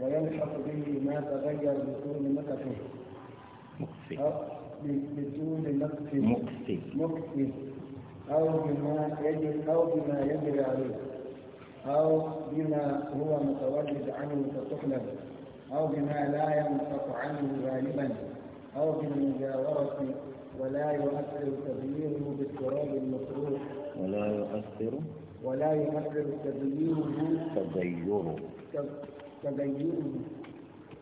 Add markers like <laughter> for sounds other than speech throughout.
ويلحق به ما تغير بدون أو بدون نكته مكفي مكفي أو بما يجري أو بما يجري عليه أو بما هو متواجد عنه فتحلب أو بما لا ينطق عنه غالبا أو بالمجاورة ولا يؤثر تغييره بالتراب المفروض ولا يؤثر ولا يؤثر تغييره تغيره تغيره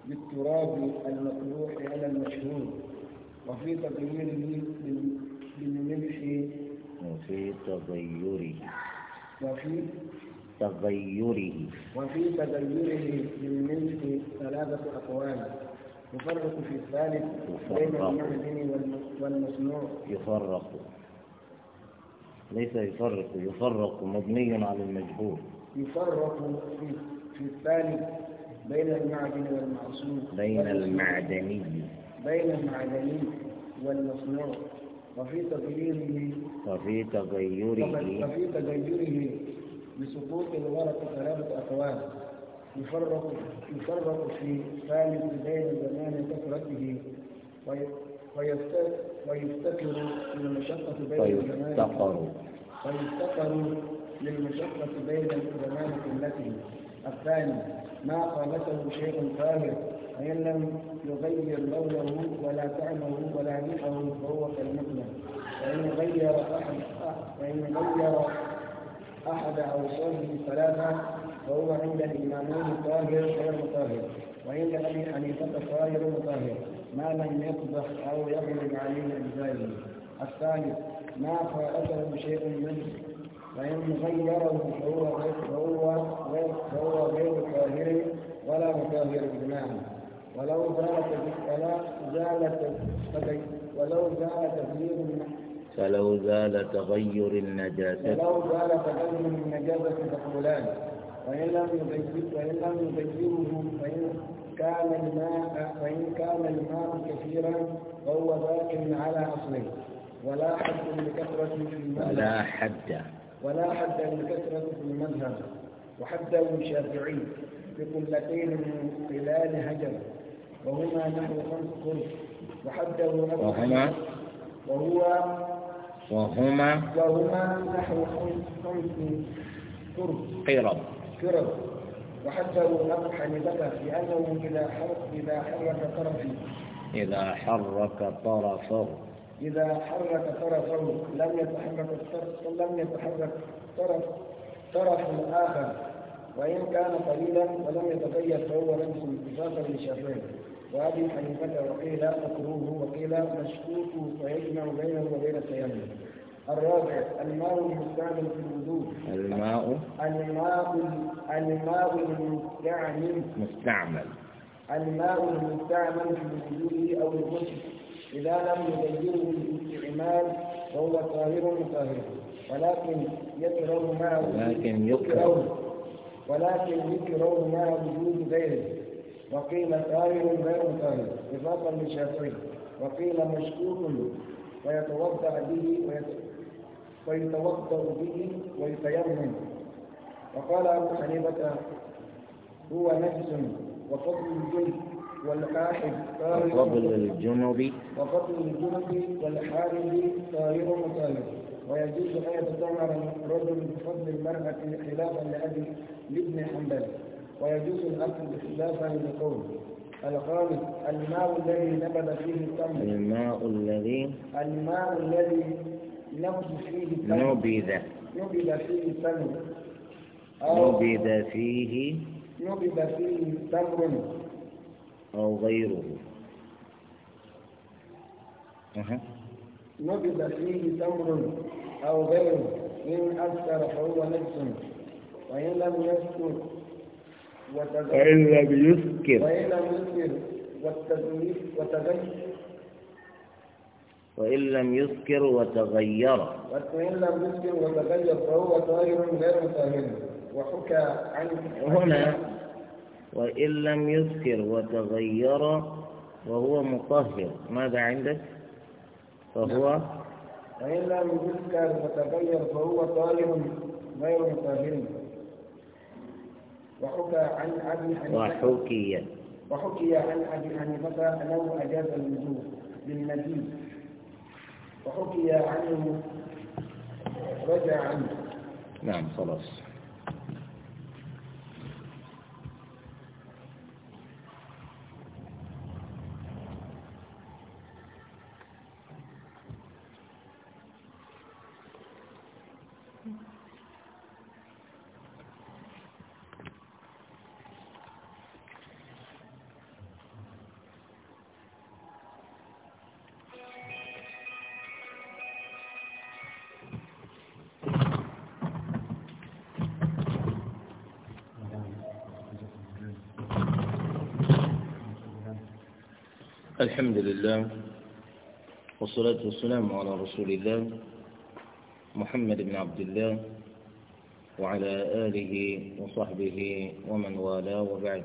بالتراب المطروح على المشهور وفي تغيره بالملح وفي تغيره وفي تغيره وفي تغيره بالملح ثلاثة أقوال يفرق في الثالث بين المعدن والمصنوع يفرق ليس يفرق يفرق مبني على المجهول يفرق في الثالث بين المعدن والمعصوم بين المعدني بين المعدني والمصنوع وفي تغييره وفي تغيره وفي تغيره بسقوط الورق ثلاثة أقوال يفرق يفرق في ثالث بين زمان كثرته ويفتقر للمشقة بين الزمان ويفتقر للمشقة بين الزمان كلته الثاني ما قالته شيخ طاهر فإن لم يغير لونه ولا طعمه ولا ريحه فهو كالمثنى فإن غير أحد فإن غير أحد أوصافه ثلاثة فهو عند الإمامين طاهر غير مطهر وعند أبي حنيفة طاهر طاهر ما لم يطبخ أو يغلب عليه الزائر الثالث ما فاته شيء منه فإن غيره فهو غير فهو غير كافر ولا مكافر بمعنى ولو زال زالت ولو زال تغيير فلو زال تغير النجاسة فلو زال تغير النجاسة تقولان فإن لم فإن لم يغيره فإن كان الماء فإن كان الماء كثيرا فهو باق على أصله ولا حد لكثرة الماء ولا حد ولا حد لكثرة في المذهب وحده شافعي بقلتين من قلال هجر وهما نحو خمس قرص وحده وهما وهو وهما وهما نحو خمس قرب قرب قرص وحده أبو حنيفة لأنه إذا حرك إذا حرك طرفه إذا حرك طرفه إذا حرك طرفه لم يتحرك الطرف لم يتحرك طرف طرف آخر وإن كان قليلا ولم يتغير فهو نفس اتفاقا للشافعي وأبي حنيفة وقيل مكروه وقيل مشكوك فيجمع بينه وبين التيمم الرابع الماء المستعمل في الوضوء الماء الماء الماء المستعمل مستعمل الماء المستعمل في الوضوء أو الغسل إذا لم يغيره الاستعمال فهو طاهر طاهر ولكن يكره مع ولكن يكره ولكن يكره مع وجود غيره وقيل طاهر غير طاهر إضافة للشافعي وقيل مشكوك ويتوضأ به ويتوضأ به ويتيمم وقال أبو حنيفة هو نجس وفضل الجلد والحاحب وقبل الجنب وقبل الجنب والحارب طاهر مطالب ويجوز أن يتطهر الرجل بفضل المرأة خلافا لأبي لابن حنبل ويجوز الأكل خلافا لقوم الخامس الماء الذي نبذ فيه التمر الماء الذي الماء الذي نبذ فيه التمر نبذ نبذ فيه التمر نبذ فيه نبذ فيه تمر أو غيره أه. نبض فيه تمر أو غيره إن أثر فهو نجس وإن لم يسكر وإن لم يسكر وإن لم يسكر وإن لم يسكر وتغير وإن لم يسكر وتغير فهو طاهر غير طاهر وحكى عن هنا وإن لم يذكر وتغير وهو مطهر ماذا عندك فهو نعم. وإن لم يذكر وتغير فهو طالب غير مطهر وحكى عن أبي حنيفة وحكي وحكي عن أبي حنيفة أنه أجاز الوجوب للنبي وحكي عنه رجع عنه نعم خلاص الحمد لله والصلاة والسلام على رسول الله محمد بن عبد الله وعلى آله وصحبه ومن والاه وبعد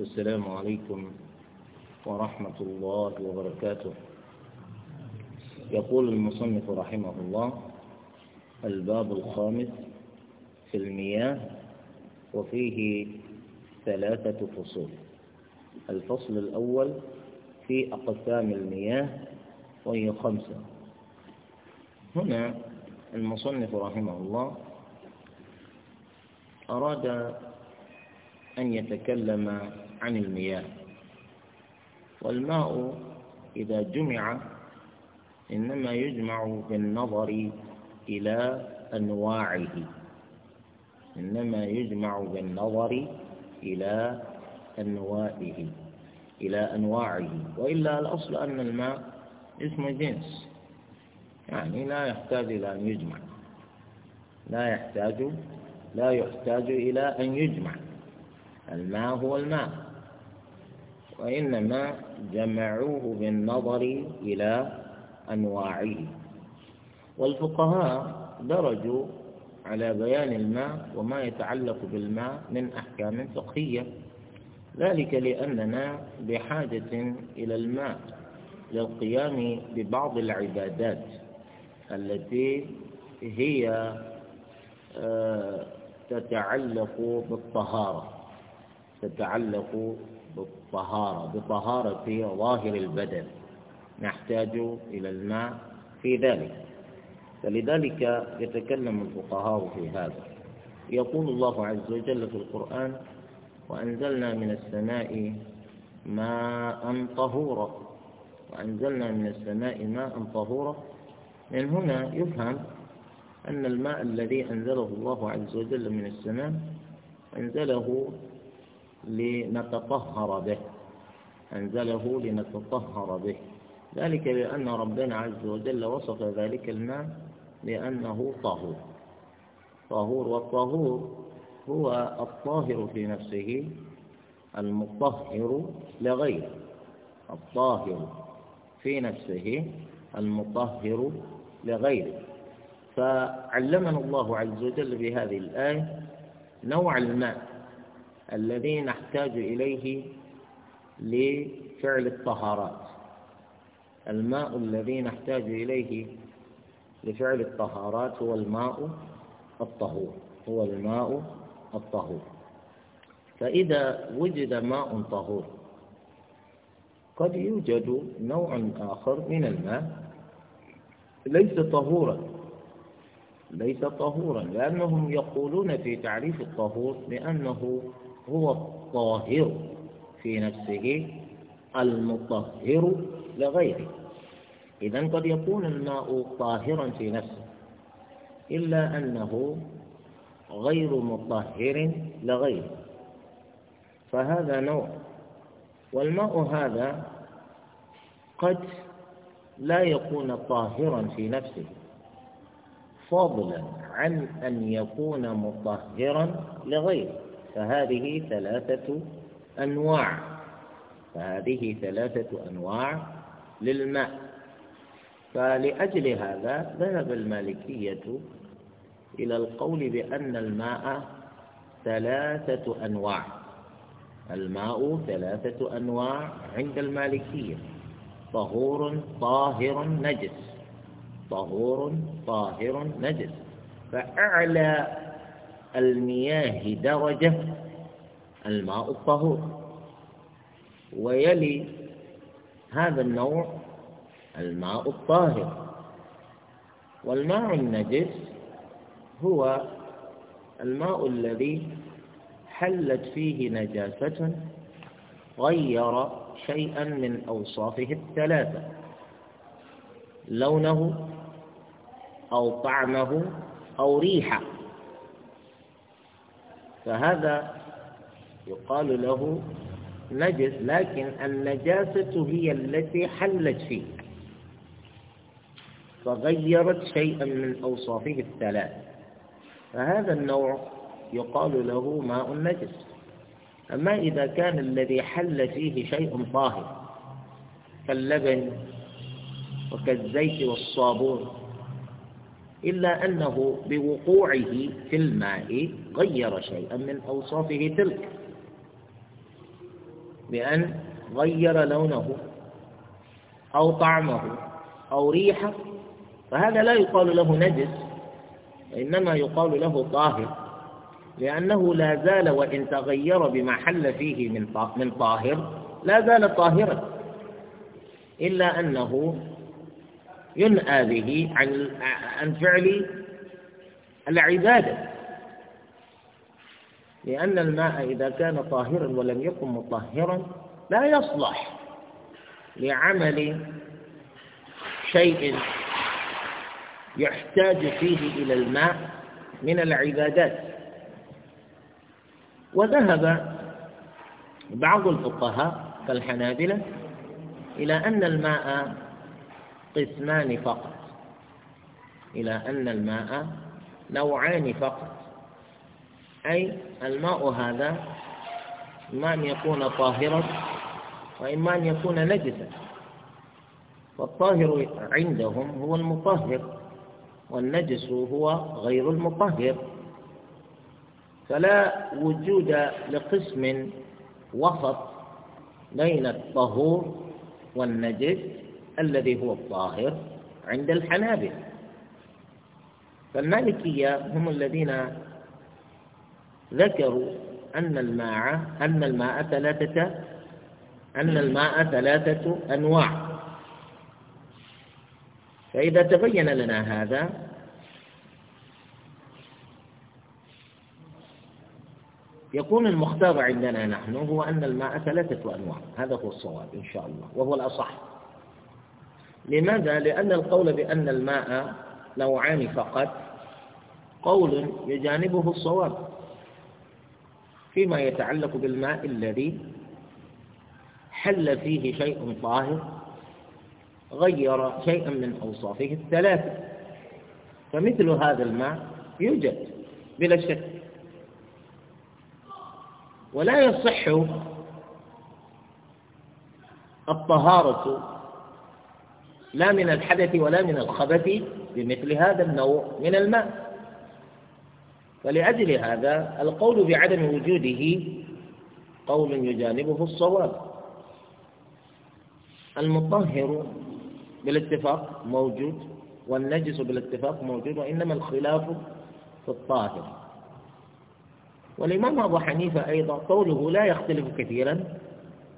السلام عليكم ورحمة الله وبركاته يقول المصنف رحمه الله الباب الخامس في المياه وفيه ثلاثة فصول الفصل الأول في أقسام المياه وهي خمسة هنا المصنف رحمه الله أراد أن يتكلم عن المياه والماء إذا جمع إنما يجمع بالنظر إلى أنواعه إنما يجمع بالنظر إلى أنوائه إلى أنواعه وإلا الأصل أن الماء اسم جنس يعني لا يحتاج إلى أن يجمع لا يحتاج لا يحتاج إلى أن يجمع الماء هو الماء وإنما جمعوه بالنظر إلى أنواعه والفقهاء درجوا على بيان الماء وما يتعلق بالماء من أحكام فقهية ذلك لأننا بحاجة إلى الماء للقيام ببعض العبادات التي هي آه، تتعلق بالطهارة تتعلق بالطهارة بطهارة ظاهر البدن نحتاج إلى الماء في ذلك فلذلك يتكلم الفقهاء في هذا يقول الله عز وجل في القرآن وأنزلنا من السماء ماء طهورا وأنزلنا من السماء ماء طهورا من هنا يفهم أن الماء الذي أنزله الله عز وجل من السماء أنزله لنتطهر به أنزله لنتطهر به ذلك بأن ربنا عز وجل وصف ذلك الماء بأنه طهور طهور والطهور هو الطاهر في نفسه المطهر لغيره الطاهر في نفسه المطهر لغيره فعلمنا الله عز وجل بهذه الآية نوع الماء الذي نحتاج إليه لفعل الطهارات الماء الذي نحتاج إليه لفعل الطهارات هو الماء الطهور هو الماء الطهور فإذا وجد ماء طهور قد يوجد نوع آخر من الماء ليس طهورا ليس طهورا لأنهم يقولون في تعريف الطهور لأنه هو الطاهر في نفسه المطهر لغيره إذن قد يكون الماء طاهرا في نفسه إلا أنه غير مطهر لغير فهذا نوع والماء هذا قد لا يكون طاهرا في نفسه فضلا عن أن يكون مطهرا لغيره فهذه ثلاثة أنواع فهذه ثلاثة أنواع للماء فلأجل هذا ذهب المالكية إلى القول بأن الماء ثلاثة أنواع الماء ثلاثة أنواع عند المالكية طهور طاهر نجس طهور طاهر نجس فأعلى المياه درجة الماء الطهور ويلي هذا النوع الماء الطاهر والماء النجس هو الماء الذي حلت فيه نجاسة غير شيئا من أوصافه الثلاثة لونه أو طعمه أو ريحه فهذا يقال له نجس لكن النجاسة هي التي حلت فيه فغيرت شيئا من أوصافه الثلاثة فهذا النوع يقال له ماء نجس أما إذا كان الذي حل فيه شيء طاهر كاللبن وكالزيت والصابون إلا أنه بوقوعه في الماء غير شيئا من أوصافه تلك بأن غير لونه أو طعمه أو ريحه فهذا لا يقال له نجس وإنما يقال له طاهر لأنه لا زال وإن تغير بما حل فيه من من طاهر لا زال طاهرا إلا أنه ينأى به عن عن فعل العبادة لأن الماء إذا كان طاهرا ولم يكن مطهرا لا يصلح لعمل شيء يحتاج فيه إلى الماء من العبادات وذهب بعض الفقهاء كالحنابلة إلى أن الماء قسمان فقط إلى أن الماء نوعان فقط أي الماء هذا إما أن يكون طاهرا وإما أن يكون نجسا فالطاهر عندهم هو المطهر والنجس هو غير المطهر فلا وجود لقسم وسط بين الطهور والنجس الذي هو الطاهر عند الحنابلة فالمالكية هم الذين ذكروا أن الماء أن الماء ثلاثة أن الماء ثلاثة أنواع فإذا تبين لنا هذا يكون المختار عندنا نحن هو أن الماء ثلاثة أنواع هذا هو الصواب إن شاء الله وهو الأصح لماذا؟ لأن القول بأن الماء نوعان فقط قول يجانبه الصواب فيما يتعلق بالماء الذي حل فيه شيء طاهر غير شيئا من أوصافه الثلاثة فمثل هذا الماء يوجد بلا شك ولا يصح الطهارة لا من الحدث ولا من الخبث بمثل هذا النوع من الماء فلأجل هذا القول بعدم وجوده قول يجانبه الصواب المطهر بالاتفاق موجود والنجس بالاتفاق موجود وإنما الخلاف في الطاهر والإمام أبو حنيفة أيضا قوله لا يختلف كثيرا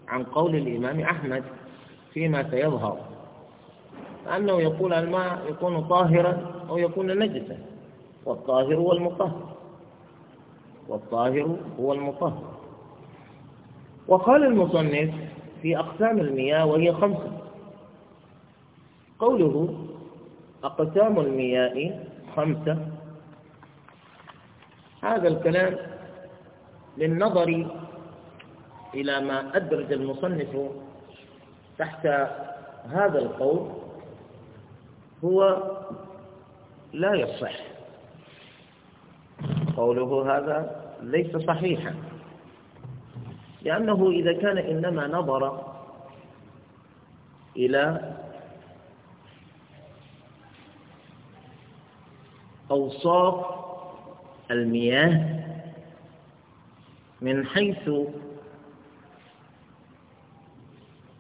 عن قول الإمام أحمد فيما سيظهر أنه يقول الماء يكون طاهرا أو يكون نجسا والطاهر هو المطهر والطاهر هو المطهر وقال المصنف في أقسام المياه وهي خمسة قوله أقسام المياه خمسة هذا الكلام للنظر إلى ما أدرج المصنف تحت هذا القول هو لا يصح قوله هذا ليس صحيحا لأنه إذا كان إنما نظر إلى أوصاف المياه من حيث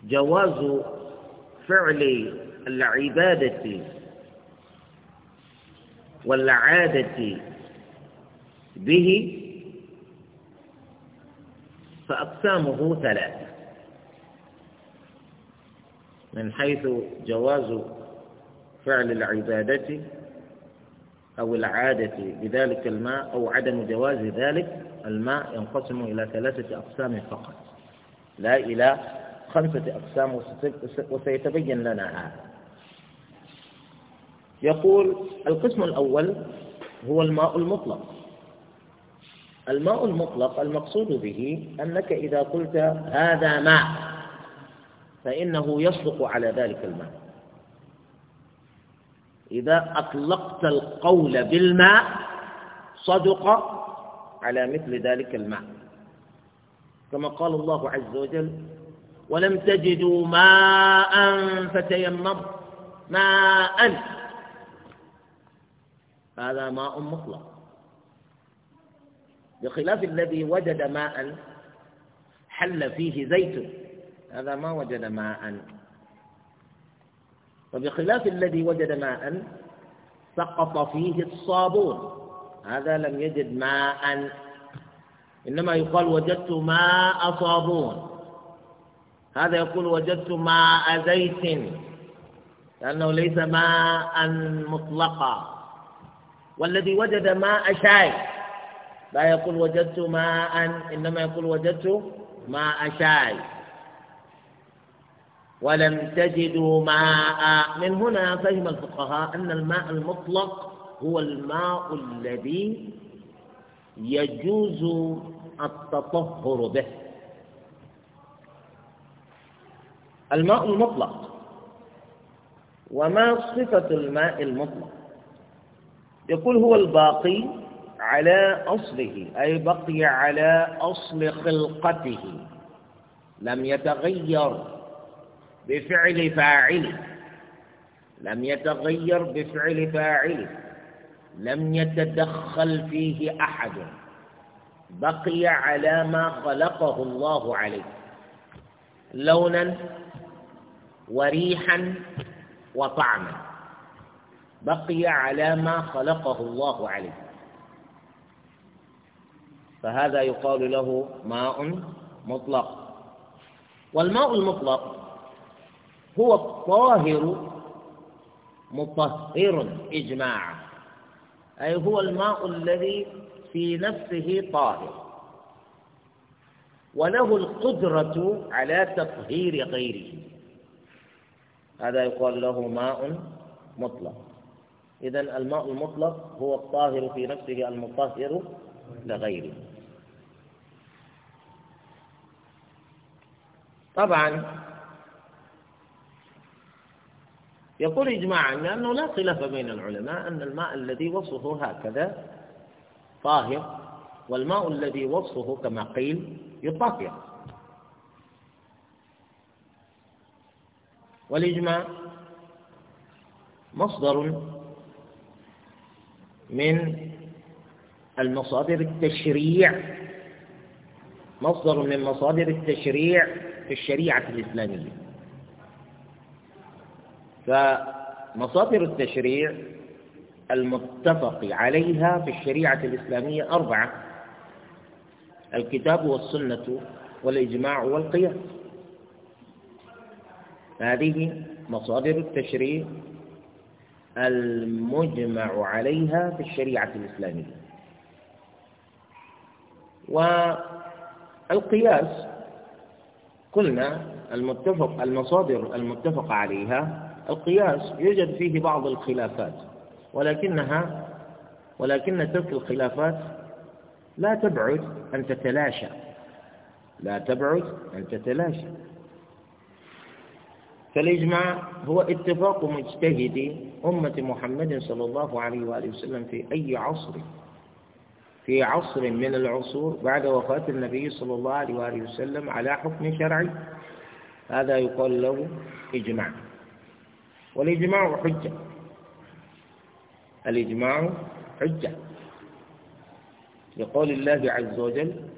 جواز فعل العبادة والعادة به فأقسامه ثلاثة من حيث جواز فعل العبادة أو العادة بذلك الماء أو عدم جواز ذلك الماء ينقسم إلى ثلاثة أقسام فقط لا إلى خمسة أقسام وسيتبين لنا هذا يقول القسم الأول هو الماء المطلق الماء المطلق المقصود به أنك إذا قلت هذا ماء فإنه يصدق على ذلك الماء إذا أطلقت القول بالماء صدق على مثل ذلك الماء كما قال الله عز وجل ولم تجدوا ماء فتيمموا ماء هذا ماء مطلق بخلاف الذي وجد ماء حل فيه زيت هذا ما وجد ماء وبخلاف الذي وجد ماء سقط فيه الصابون هذا لم يجد ماء إنما يقال وجدت ماء صابون هذا يقول وجدت ماء زيت لأنه ليس ماء مطلقا والذي وجد ماء شاي لا يقول وجدت ماء إنما يقول وجدت ماء شاي ولم تجدوا ماء من هنا فهم الفقهاء أن الماء المطلق هو الماء الذي يجوز التطهر به الماء المطلق وما صفة الماء المطلق يقول هو الباقي على أصله أي بقي على أصل خلقته لم يتغير بفعل فاعله لم يتغير بفعل فاعله لم يتدخل فيه أحد بقي على ما خلقه الله عليه لونا وريحا وطعما بقي على ما خلقه الله عليه فهذا يقال له ماء مطلق والماء المطلق هو الطاهر مطهر إجماعا أي هو الماء الذي في نفسه طاهر وله القدرة على تطهير غيره هذا يقال له ماء مطلق إذا الماء المطلق هو الطاهر في نفسه المطهر لغيره طبعا يقول إجماعا لأنه لا خلاف بين العلماء أن الماء الذي وصفه هكذا طاهر والماء الذي وصفه كما قيل يطهر والإجماع مصدر من المصادر التشريع مصدر من مصادر التشريع في الشريعة الإسلامية فمصادر التشريع المتفق عليها في الشريعة الإسلامية أربعة الكتاب والسنة والإجماع والقياس هذه مصادر التشريع المجمع عليها في الشريعة الإسلامية والقياس قلنا المتفق المصادر المتفق عليها القياس يوجد فيه بعض الخلافات ولكنها ولكن تلك الخلافات لا تبعد أن تتلاشى لا تبعد أن تتلاشى فالإجماع هو اتفاق مجتهد أمة محمد صلى الله عليه وآله وسلم في أي عصر في عصر من العصور بعد وفاة النبي صلى الله عليه وآله وسلم على حكم شرعي هذا يقال له إجماع والإجماع حجة الإجماع حجة لقول الله عز وجل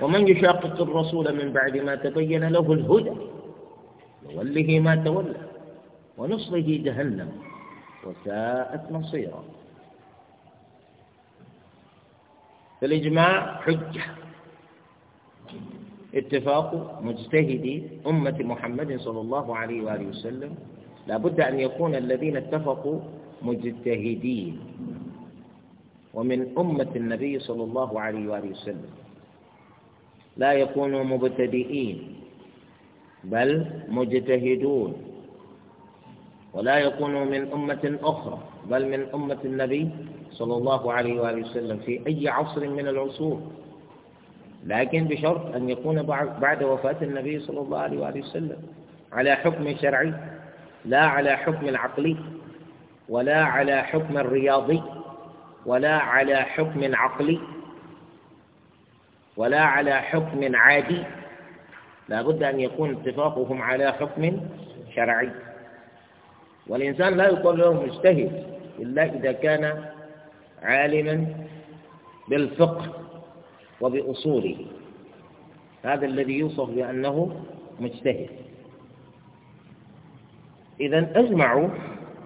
ومن يشاقق الرسول من بعد ما تبين له الهدى نوله ما تولى ونصله جهنم وساءت مصيرا فالإجماع حجة اتفاق مجتهدي أمة محمد صلى الله عليه وآله وسلم لابد أن يكون الذين اتفقوا مجتهدين ومن أمة النبي صلى الله عليه وآله وسلم لا يكونوا مبتدئين بل مجتهدون ولا يكونوا من أمة أخرى بل من أمة النبي صلى الله عليه وآله وسلم في أي عصر من العصور لكن بشرط أن يكون بعد وفاة النبي صلى الله عليه وآله وسلم على حكم شرعي لا على حكم عقلي ولا على حكم رياضي ولا على حكم عقلي ولا على حكم عادي لا بد أن يكون اتفاقهم على حكم شرعي والإنسان لا يقول له مجتهد إلا إذا كان عالما بالفقه وبأصوله هذا الذي يوصف بأنه مجتهد إذا أجمعوا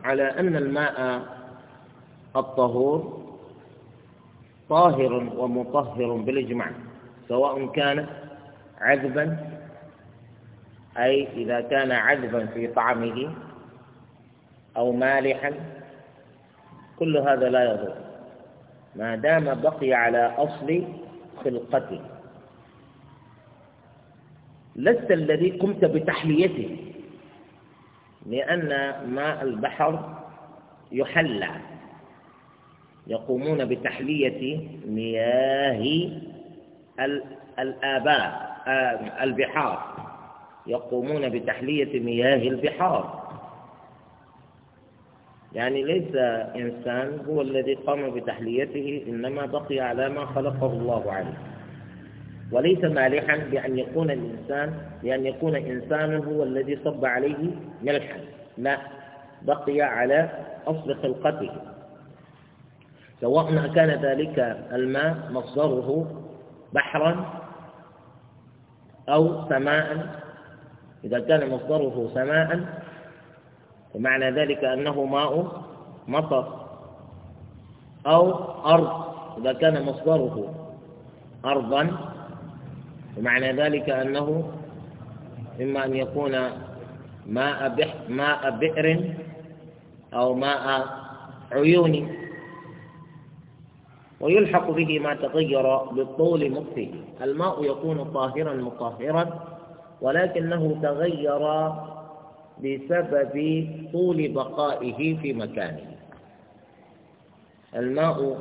على أن الماء الطهور طاهر ومطهر بالإجماع سواء كان عذبا أي إذا كان عذبا في طعمه أو مالحا كل هذا لا يضر ما دام بقي على أصل خلقته لست الذي قمت بتحليته لأن ماء البحر يحلى يقومون بتحلية مياه الآباء آه، البحار يقومون بتحلية مياه البحار يعني ليس إنسان هو الذي قام بتحليته إنما بقي على ما خلقه الله عليه وليس مالحا بأن يكون الإنسان بأن يكون إنسان هو الذي صب عليه ملحا لا بقي على أصل خلقته سواء كان ذلك الماء مصدره بحرا أو سماء إذا كان مصدره سماء ومعنى ذلك أنه ماء مطر أو أرض إذا كان مصدره أرضا ومعنى ذلك أنه إما أن يكون ماء ماء بئر أو ماء عيون ويلحق به ما تغير بالطول مكته الماء يكون طاهرا مطهرا ولكنه تغير بسبب طول بقائه في مكانه الماء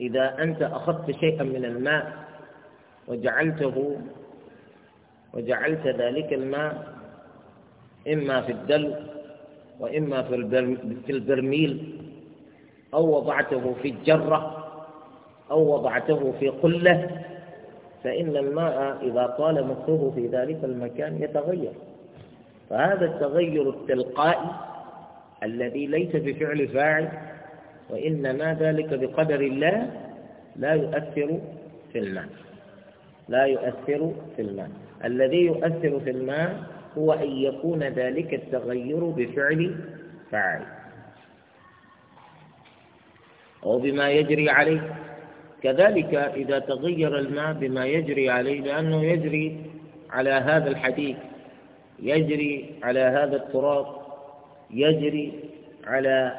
إذا أنت أخذت شيئا من الماء وجعلته وجعلت ذلك الماء إما في الدل وإما في البرميل أو وضعته في الجرة أو وضعته في قلة فإن الماء إذا طال مكثه في ذلك المكان يتغير فهذا التغير التلقائي الذي ليس بفعل فاعل وإنما ذلك بقدر الله لا يؤثر في الماء لا يؤثر في الماء الذي يؤثر في الماء هو أن يكون ذلك التغير بفعل فاعل أو بما يجري عليه كذلك إذا تغير الماء بما يجري عليه لأنه يجري على هذا الحديث يجري على هذا التراب يجري على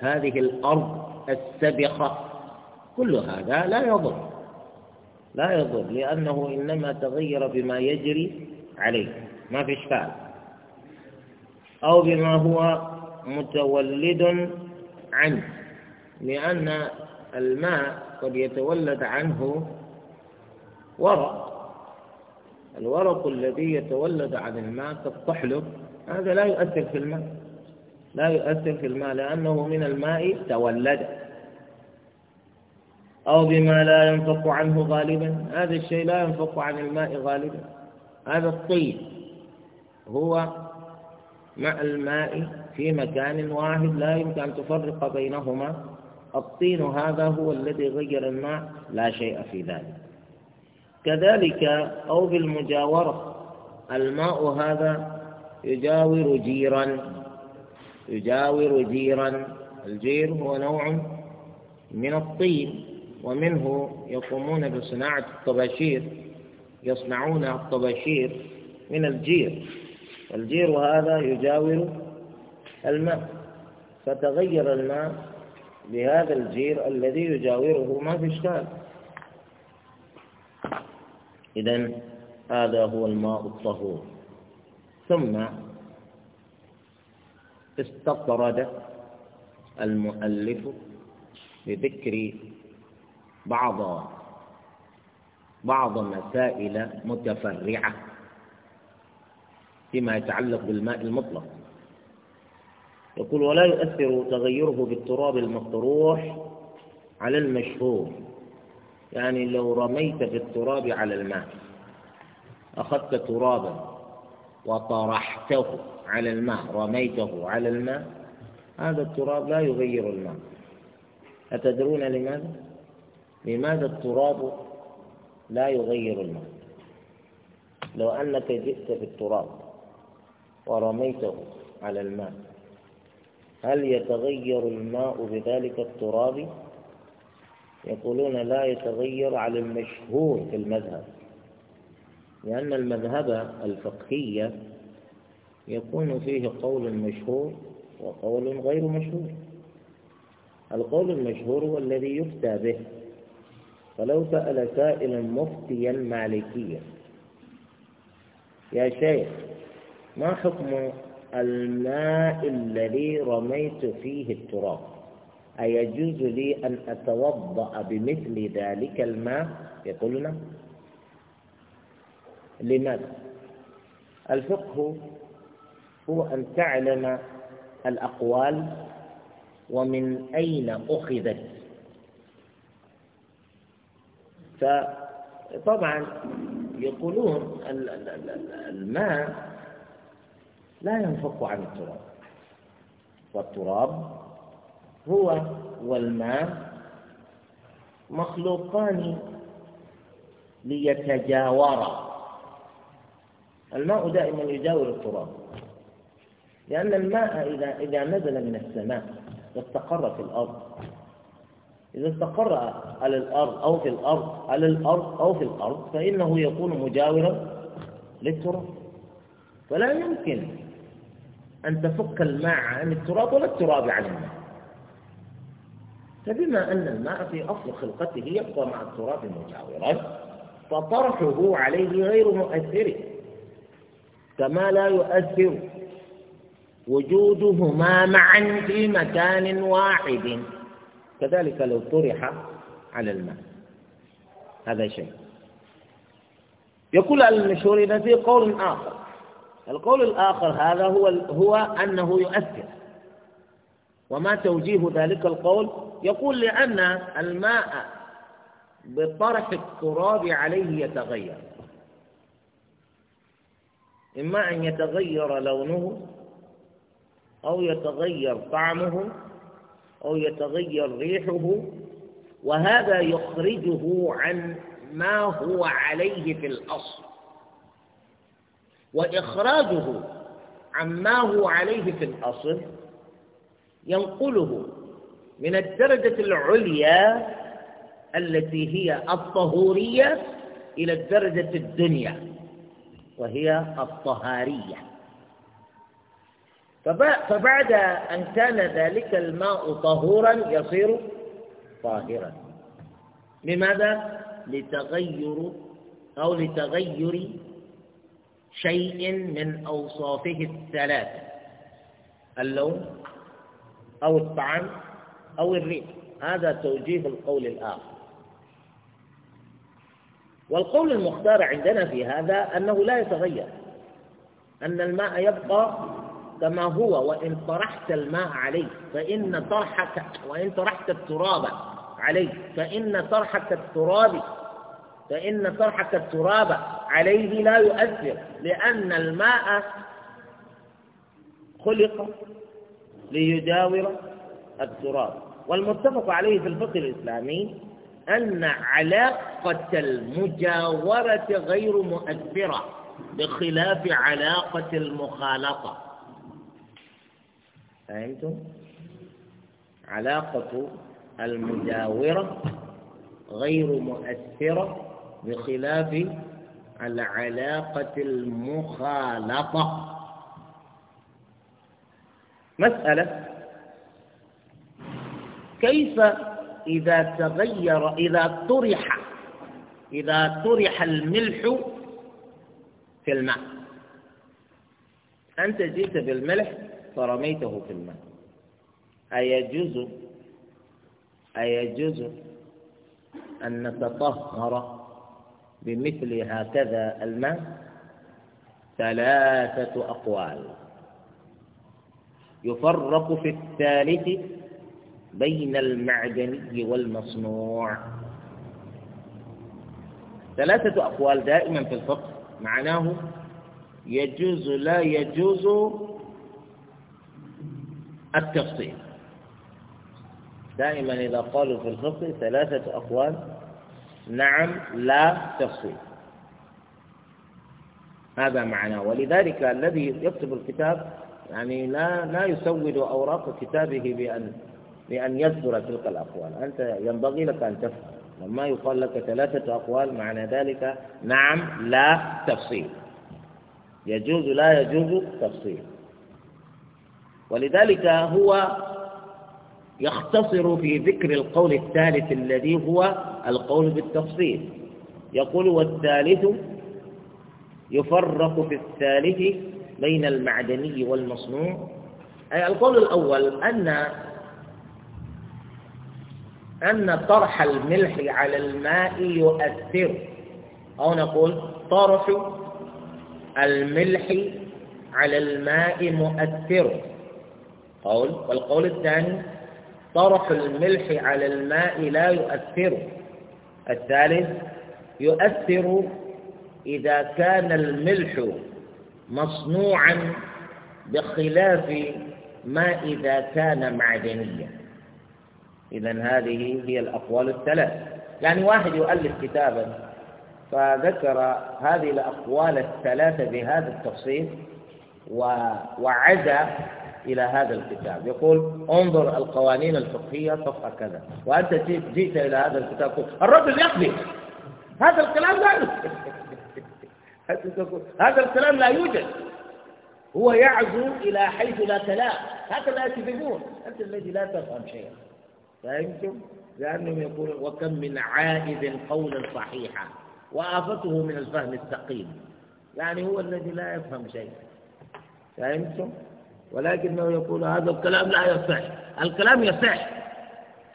هذه الأرض السبقة كل هذا لا يضر لا يضر لأنه إنما تغير بما يجري عليه ما في إشكال أو بما هو متولد عنه لأن الماء قد يتولد عنه ورق الورق الذي يتولد عن الماء كالطحلب هذا لا يؤثر في الماء لا يؤثر في الماء لأنه من الماء تولد أو بما لا ينفق عنه غالبا هذا الشيء لا ينفق عن الماء غالبا هذا الطين هو مع الماء في مكان واحد لا يمكن أن تفرق بينهما الطين هذا هو الذي غير الماء لا شيء في ذلك كذلك أو بالمجاورة الماء هذا يجاور جيرا يجاور جيرا الجير هو نوع من الطين ومنه يقومون بصناعة الطباشير يصنعون الطباشير من الجير الجير هذا يجاور الماء فتغير الماء بهذا الجير الذي يجاوره ما في إشكال إذا هذا هو الماء الطهور ثم استطرد المؤلف بذكر بعض بعض مسائل متفرعة فيما يتعلق بالماء المطلق يقول ولا يؤثر تغيره بالتراب المطروح على المشهور يعني لو رميت في التراب على الماء أخذت ترابا وطرحته على الماء رميته على الماء هذا التراب لا يغير الماء أتدرون لماذا؟ لماذا التراب لا يغير الماء لو أنك جئت في التراب ورميته على الماء هل يتغير الماء بذلك التراب يقولون لا يتغير على المشهور في المذهب لأن المذهب الفقهية يكون فيه قول مشهور وقول غير مشهور القول المشهور هو الذي يفتى به فلو سأل سائل مفتيا مالكيا يا شيخ ما حكم الماء الذي رميت فيه التراب أيجوز لي أن أتوضأ بمثل ذلك الماء يقول نعم لماذا الفقه هو أن تعلم الأقوال ومن أين أخذت فطبعا يقولون الماء لا ينفك عن التراب والتراب هو والماء مخلوقان ليتجاورا الماء دائما يجاور التراب لأن الماء إذا إذا نزل من السماء واستقر في الأرض إذا استقر على الأرض أو في الأرض على الأرض أو في الأرض فإنه يكون مجاورا للتراب فلا يمكن أن تفك الماء عن التراب ولا التراب عن الماء فبما أن الماء في أصل خلقته يبقى مع التراب مجاورا فطرحه عليه غير مؤثر كما لا يؤثر وجودهما معا في مكان واحد كذلك لو طرح على الماء هذا شيء يقول المشهور في قول آخر القول الآخر هذا هو هو أنه يؤثر وما توجيه ذلك القول يقول لأن الماء بطرح التراب عليه يتغير إما أن يتغير لونه أو يتغير طعمه أو يتغير ريحه وهذا يخرجه عن ما هو عليه في الأصل وإخراجه عن ما هو عليه في الأصل ينقله من الدرجة العليا التي هي الطهورية إلى الدرجة الدنيا وهي الطهارية فبعد أن كان ذلك الماء طهورا يصير طاهرا لماذا؟ لتغير أو لتغير شيء من أوصافه الثلاثة اللون أو الطعن أو الريح هذا توجيه القول الآخر والقول المختار عندنا في هذا أنه لا يتغير أن الماء يبقى كما هو وإن طرحت الماء عليه فإن طرحك وإن طرحت التراب عليه فإن طرحك التراب فإن طرحك التراب عليه لا يؤثر لأن الماء خلق ليجاور التراب والمتفق عليه في الفقه الإسلامي أن علاقة المجاورة غير مؤثرة بخلاف علاقة المخالطة فهمتم؟ علاقة المجاورة غير مؤثرة بخلاف العلاقة المخالطة مسألة كيف إذا تغير إذا طرح إذا طرح الملح في الماء أنت جئت بالملح فرميته في الماء أيجوز أيجوز أن نتطهر بمثل هكذا الماء ثلاثة أقوال يفرق في الثالث بين المعدني والمصنوع ثلاثة أقوال دائما في الفقه معناه يجوز لا يجوز التفصيل دائما إذا قالوا في الفقه ثلاثة أقوال نعم لا تفصيل هذا معناه ولذلك الذي يكتب الكتاب يعني لا لا يسود أوراق كتابه بأن بأن يصدر تلك الأقوال أنت ينبغي لك أن تفهم لما يقال لك ثلاثة أقوال معنى ذلك نعم لا تفصيل يجوز لا يجوز تفصيل ولذلك هو يختصر في ذكر القول الثالث الذي هو القول بالتفصيل يقول والثالث يفرق في الثالث بين المعدني والمصنوع أي القول الأول أن أن طرح الملح على الماء يؤثر أو نقول طرح الملح على الماء مؤثر قول والقول الثاني طرح الملح على الماء لا يؤثر الثالث يؤثر إذا كان الملح مصنوعا بخلاف ما إذا كان معدنيا إذا هذه هي الأقوال الثلاث يعني واحد يؤلف كتابا فذكر هذه الأقوال الثلاثة بهذا التفصيل وعزى إلى هذا الكتاب يقول انظر القوانين الفقهية صفحة كذا وأنت جئت إلى هذا الكتاب الرجل يقضي هذا الكلام لا هذا الكلام لا يوجد هو يعزو إلى حيث لا كلام هكذا يكذبون أنت الذي لا تفهم شيئا فهمتم؟ لأنهم يقولون وكم من عائد قولا صحيحا وآفته من الفهم السقيم يعني هو الذي لا يفهم شيئا فهمتم؟ ولكنه يقول هذا الكلام لا يصح الكلام يصح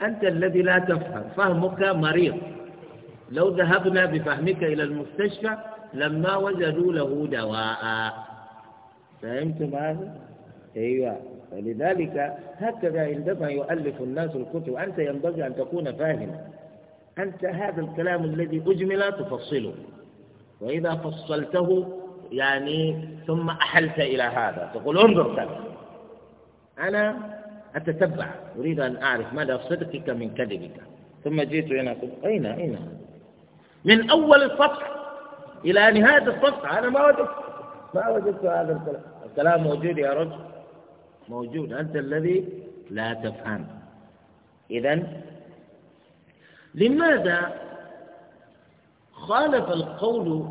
أنت الذي لا تفهم فهمك مريض لو ذهبنا بفهمك إلى المستشفى لما وجدوا له دواء فهمتم هذا؟ أيوه ولذلك هكذا عندما يؤلف الناس الكتب أنت ينبغي أن تكون فاهما أنت هذا الكلام الذي أجمل تفصله وإذا فصلته يعني ثم أحلت إلى هذا تقول انظر كذا أنا أتتبع أريد أن أعرف مدى صدقك من كذبك ثم جئت هنا قلت أين أين من أول السطر إلى نهاية الصفحة أنا ما وجدت ما وجدت هذا الكلام الكلام موجود يا رجل موجود أنت الذي لا تفهم إذا لماذا خالف القول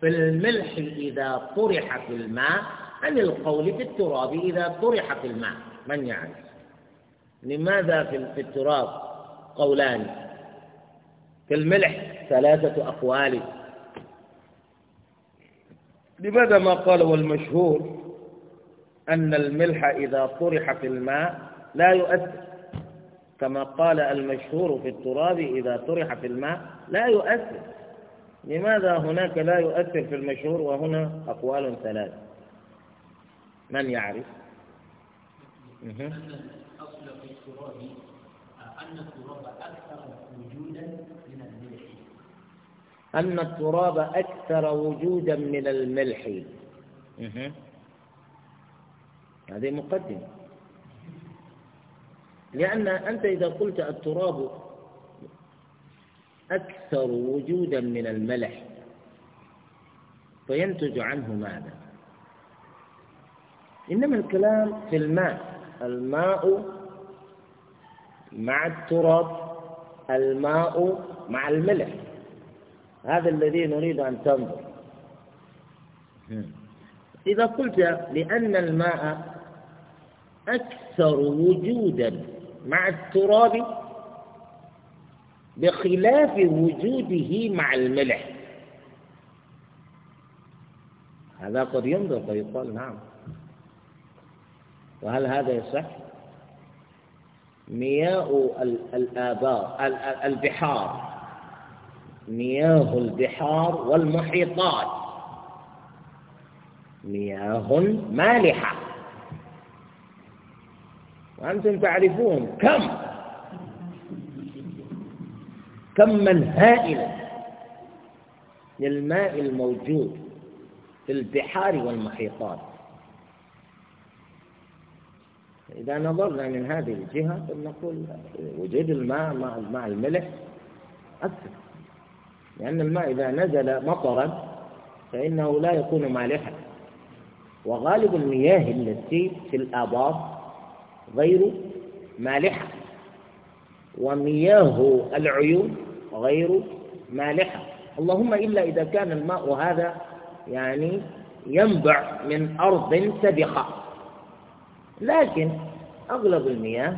في الملح إذا طرح في الماء عن القول في التراب إذا طرح في الماء من يعرف يعني؟ لماذا في التراب قولان في الملح ثلاثة أقوال لماذا ما قال والمشهور أن الملح إذا طرح في الماء لا يؤثر كما قال المشهور في التراب إذا طرح في الماء لا يؤثر لماذا هناك لا يؤثر في المشهور وهنا أقوال ثلاثة من يعرف أن الأصل في التراب أن التراب أكثر أن التراب أكثر وجودا من الملح هذه مقدمة لأن أنت إذا قلت التراب أكثر وجودا من الملح فينتج عنه ماذا إنما الكلام في الماء الماء مع التراب الماء مع الملح هذا الذي نريد أن تنظر إذا قلت لأن الماء أكثر وجودا مع التراب بخلاف وجوده مع الملح هذا قد ينظر فيقال نعم وهل هذا يصح؟ مياه الآبار البحار مياه البحار والمحيطات مياه مالحة وأنتم تعرفون كم كما هائلا للماء الموجود في البحار والمحيطات إذا نظرنا من هذه الجهة فنقول وجود الماء مع الملح أكثر لأن الماء إذا نزل مطرا فإنه لا يكون مالحا وغالب المياه التي في الآبار غير مالحة ومياه العيون غير مالحة اللهم إلا إذا كان الماء هذا يعني ينبع من أرض سبخة لكن أغلب المياه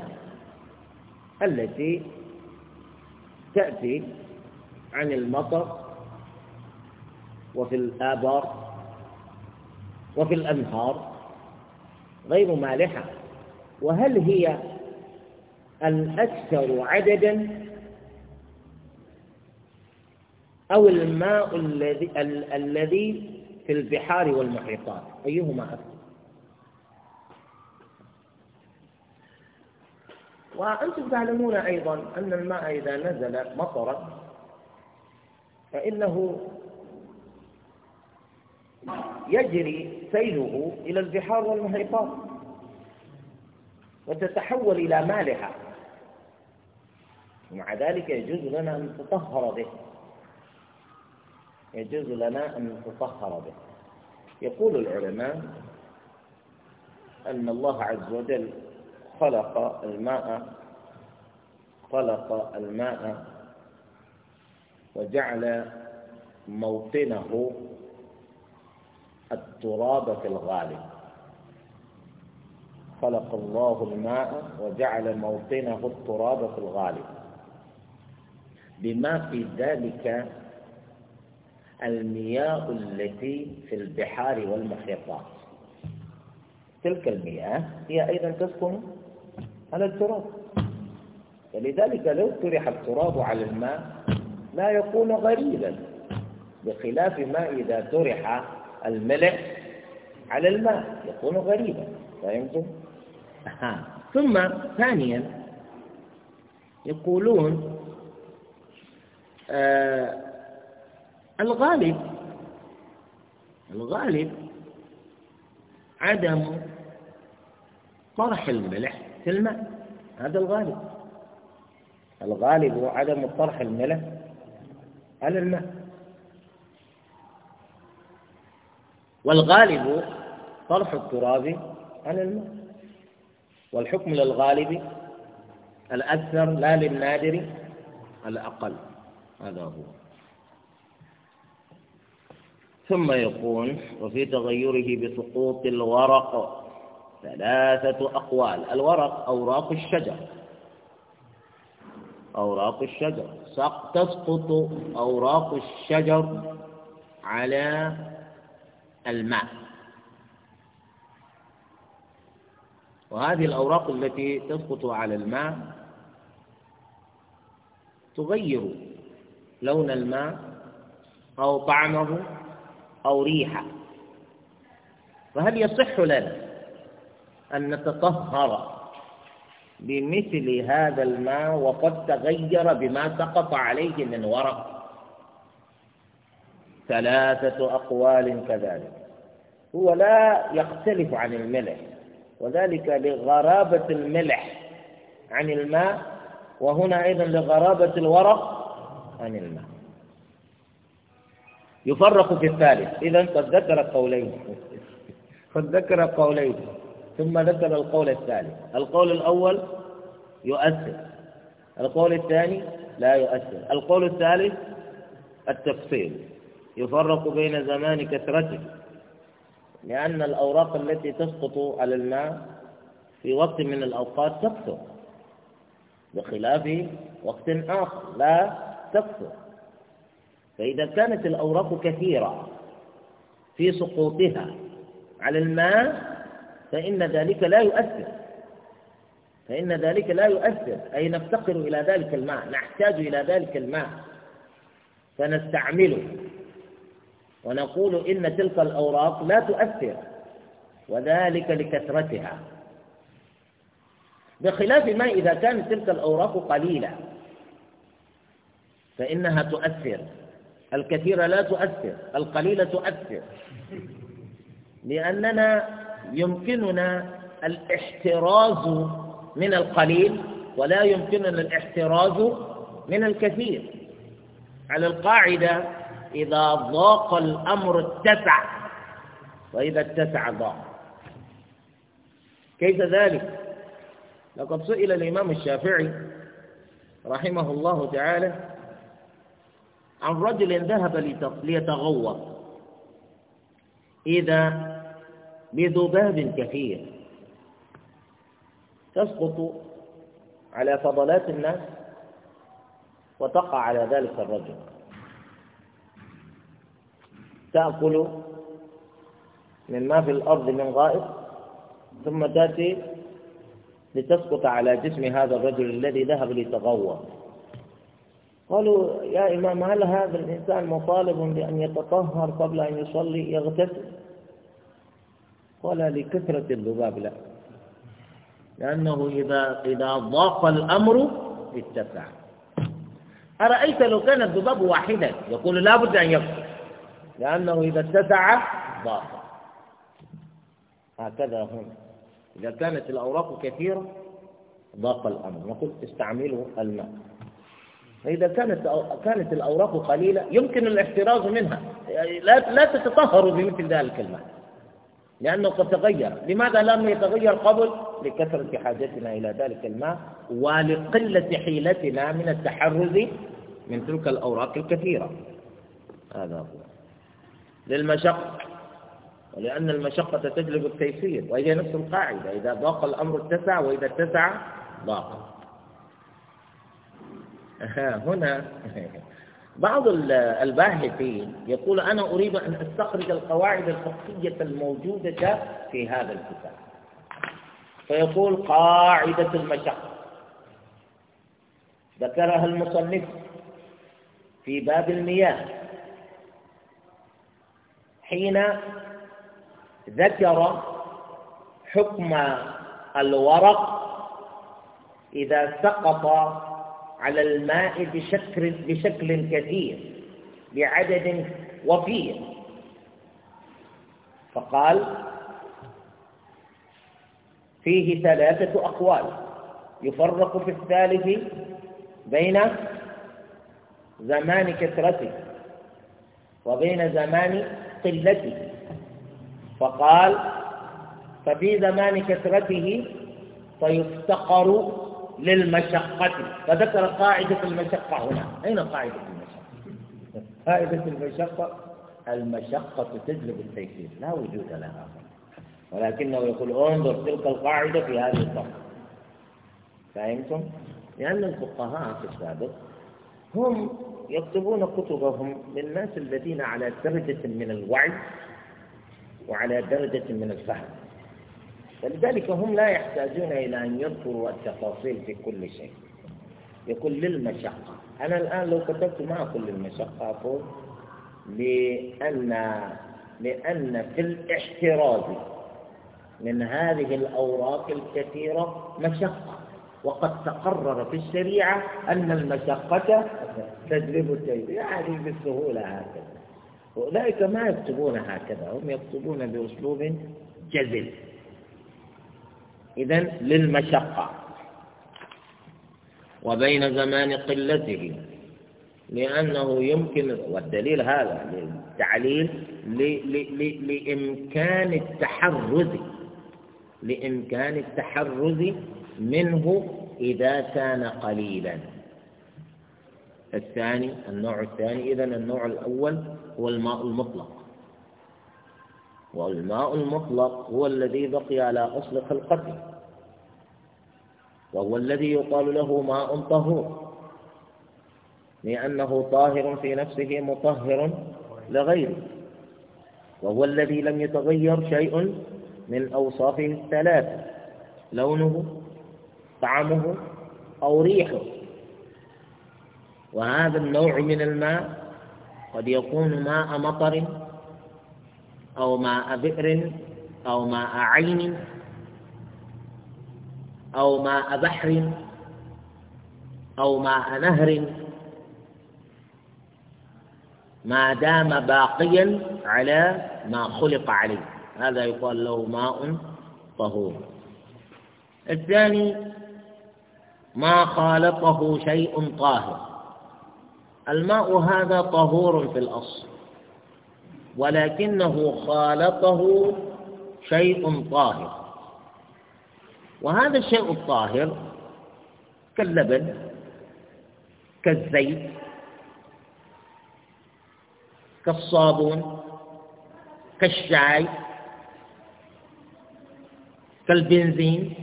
التي تأتي عن المطر وفي الآبار وفي الأنهار غير مالحة وهل هي الأكثر عددا أو الماء الذي الذي في البحار والمحيطات أيهما أكثر وأنتم تعلمون أيضا أن الماء إذا نزل مطرا فإنه يجري سيله إلى البحار والمهيقات وتتحول إلى مالها ومع ذلك يجوز لنا أن نتطهر به يجوز لنا أن نتطهر به يقول العلماء أن الله عز وجل خلق الماء خلق الماء وجعل موطنه التراب في الغالب خلق الله الماء وجعل موطنه التراب في الغالب بما في ذلك المياه التي في البحار والمحيطات تلك المياه هي أيضا تسكن على التراب ولذلك لو طرح التراب على الماء لا يكون غريبا بخلاف ما إذا طرح الملح على الماء يكون غريبا فهمتم؟ ثم ثانيا يقولون آه الغالب الغالب عدم طرح الملح في الماء هذا الغالب الغالب هو عدم طرح الملح على الماء والغالب طرح التراب على الماء والحكم للغالب الأكثر لا للنادر الأقل هذا هو ثم يقول وفي تغيره بسقوط الورق ثلاثة أقوال الورق أوراق الشجر أوراق الشجر تسقط أوراق الشجر على الماء وهذه الأوراق التي تسقط على الماء تغير لون الماء أو طعمه أو ريحه فهل يصح لنا أن نتطهر بمثل هذا الماء وقد تغير بما سقط عليه من ورق ثلاثة أقوال كذلك هو لا يختلف عن الملح وذلك لغرابة الملح عن الماء وهنا أيضا لغرابة الورق عن الماء يفرق في الثالث إذا قد ذكر قولين <laughs> قد ذكر قولين ثم ذكر القول الثالث القول الأول يؤثر القول الثاني لا يؤثر القول الثالث التفصيل يفرق بين زمان كثرته لأن الأوراق التي تسقط على الماء في وقت من الأوقات تكثر بخلاف وقت آخر لا تكثر فإذا كانت الأوراق كثيرة في سقوطها على الماء فإن ذلك لا يؤثر فإن ذلك لا يؤثر أي نفتقر إلى ذلك الماء نحتاج إلى ذلك الماء فنستعمله ونقول إن تلك الأوراق لا تؤثر وذلك لكثرتها بخلاف ما إذا كانت تلك الأوراق قليلة فإنها تؤثر الكثيرة لا تؤثر القليلة تؤثر لأننا يمكننا الاحتراز من القليل ولا يمكننا الاحتراز من الكثير على القاعدة إذا ضاق الأمر اتسع وإذا اتسع ضاق كيف ذلك؟ لقد سئل الإمام الشافعي رحمه الله تعالى عن رجل ذهب ليتغوط إذا بذباب كثير تسقط على فضلات الناس وتقع على ذلك الرجل تأكل مما في الأرض من غائط ثم تأتي لتسقط على جسم هذا الرجل الذي ذهب ليتغوى قالوا يا إمام هل هذا الإنسان مطالب بأن يتطهر قبل أن يصلي يغتسل ولا لكثرة الذباب لا لأنه إذا إذا ضاق الأمر اتسع أرأيت لو كان الذباب واحدا يقول لا بد أن يكثر لأنه إذا اتسع ضاق هكذا هنا إذا كانت الأوراق كثيرة ضاق الأمر نقول استعملوا الماء فإذا كانت كانت الأوراق قليلة يمكن الاحتراز منها لا لا تتطهروا بمثل ذلك الماء لأنه قد تغير لماذا لم يتغير قبل لكثرة حاجتنا إلى ذلك الماء ولقلة حيلتنا من التحرز من تلك الأوراق الكثيرة هذا هو للمشقة ولأن المشقة تجلب التيسير وهي نفس القاعدة إذا ضاق الأمر اتسع وإذا اتسع ضاق <laughs> هنا بعض الباحثين يقول أنا أريد أن أستخرج القواعد الفقهية الموجودة في هذا الكتاب فيقول قاعدة المشقة ذكرها المصنف في باب المياه حين ذكر حكم الورق إذا سقط على الماء بشكل, بشكل كثير بعدد وفير فقال فيه ثلاثة أقوال يفرق في الثالث بين زمان كثرته وبين زمان قلته فقال ففي زمان كثرته فيفتقر للمشقة فذكر قاعدة المشقة هنا أين قاعدة المشقة؟ قاعدة المشقة المشقة تجلب التيسير لا وجود لها ولكنه يقول انظر تلك القاعدة في هذه الصفحة فهمتم؟ لأن الفقهاء في السابق هم يكتبون كتبهم للناس الذين على درجة من الوعي وعلى درجة من الفهم فلذلك هم لا يحتاجون إلى أن يذكروا التفاصيل في كل شيء يقول للمشقة أنا الآن لو كتبت أقول للمشقة أقول لأن لأن في الاحتراز من هذه الأوراق الكثيرة مشقة وقد تقرر في الشريعة أن المشقة تجلب التيسير يعني بالسهولة هكذا أولئك ما يكتبون هكذا هم يكتبون بأسلوب جزل إذا للمشقة وبين زمان قلته لأنه يمكن والدليل هذا للتعليل لإمكان التحرز لإمكان التحرز منه إذا كان قليلا الثاني النوع الثاني إذا النوع الأول هو الماء المطلق والماء المطلق هو الذي بقي على أصل خلقته وهو الذي يقال له ماء طهور لأنه طاهر في نفسه مطهر لغيره وهو الذي لم يتغير شيء من أوصافه الثلاثة لونه طعمه أو ريحه وهذا النوع من الماء قد يكون ماء مطر أو ماء بئر أو ماء عين أو ماء بحر أو ماء نهر ما دام باقيا على ما خلق عليه هذا يقال له ماء طهور الثاني ما خالطه شيء طاهر الماء هذا طهور في الأصل ولكنه خالطه شيء طاهر وهذا الشيء الطاهر كاللبن كالزيت كالصابون كالشاي كالبنزين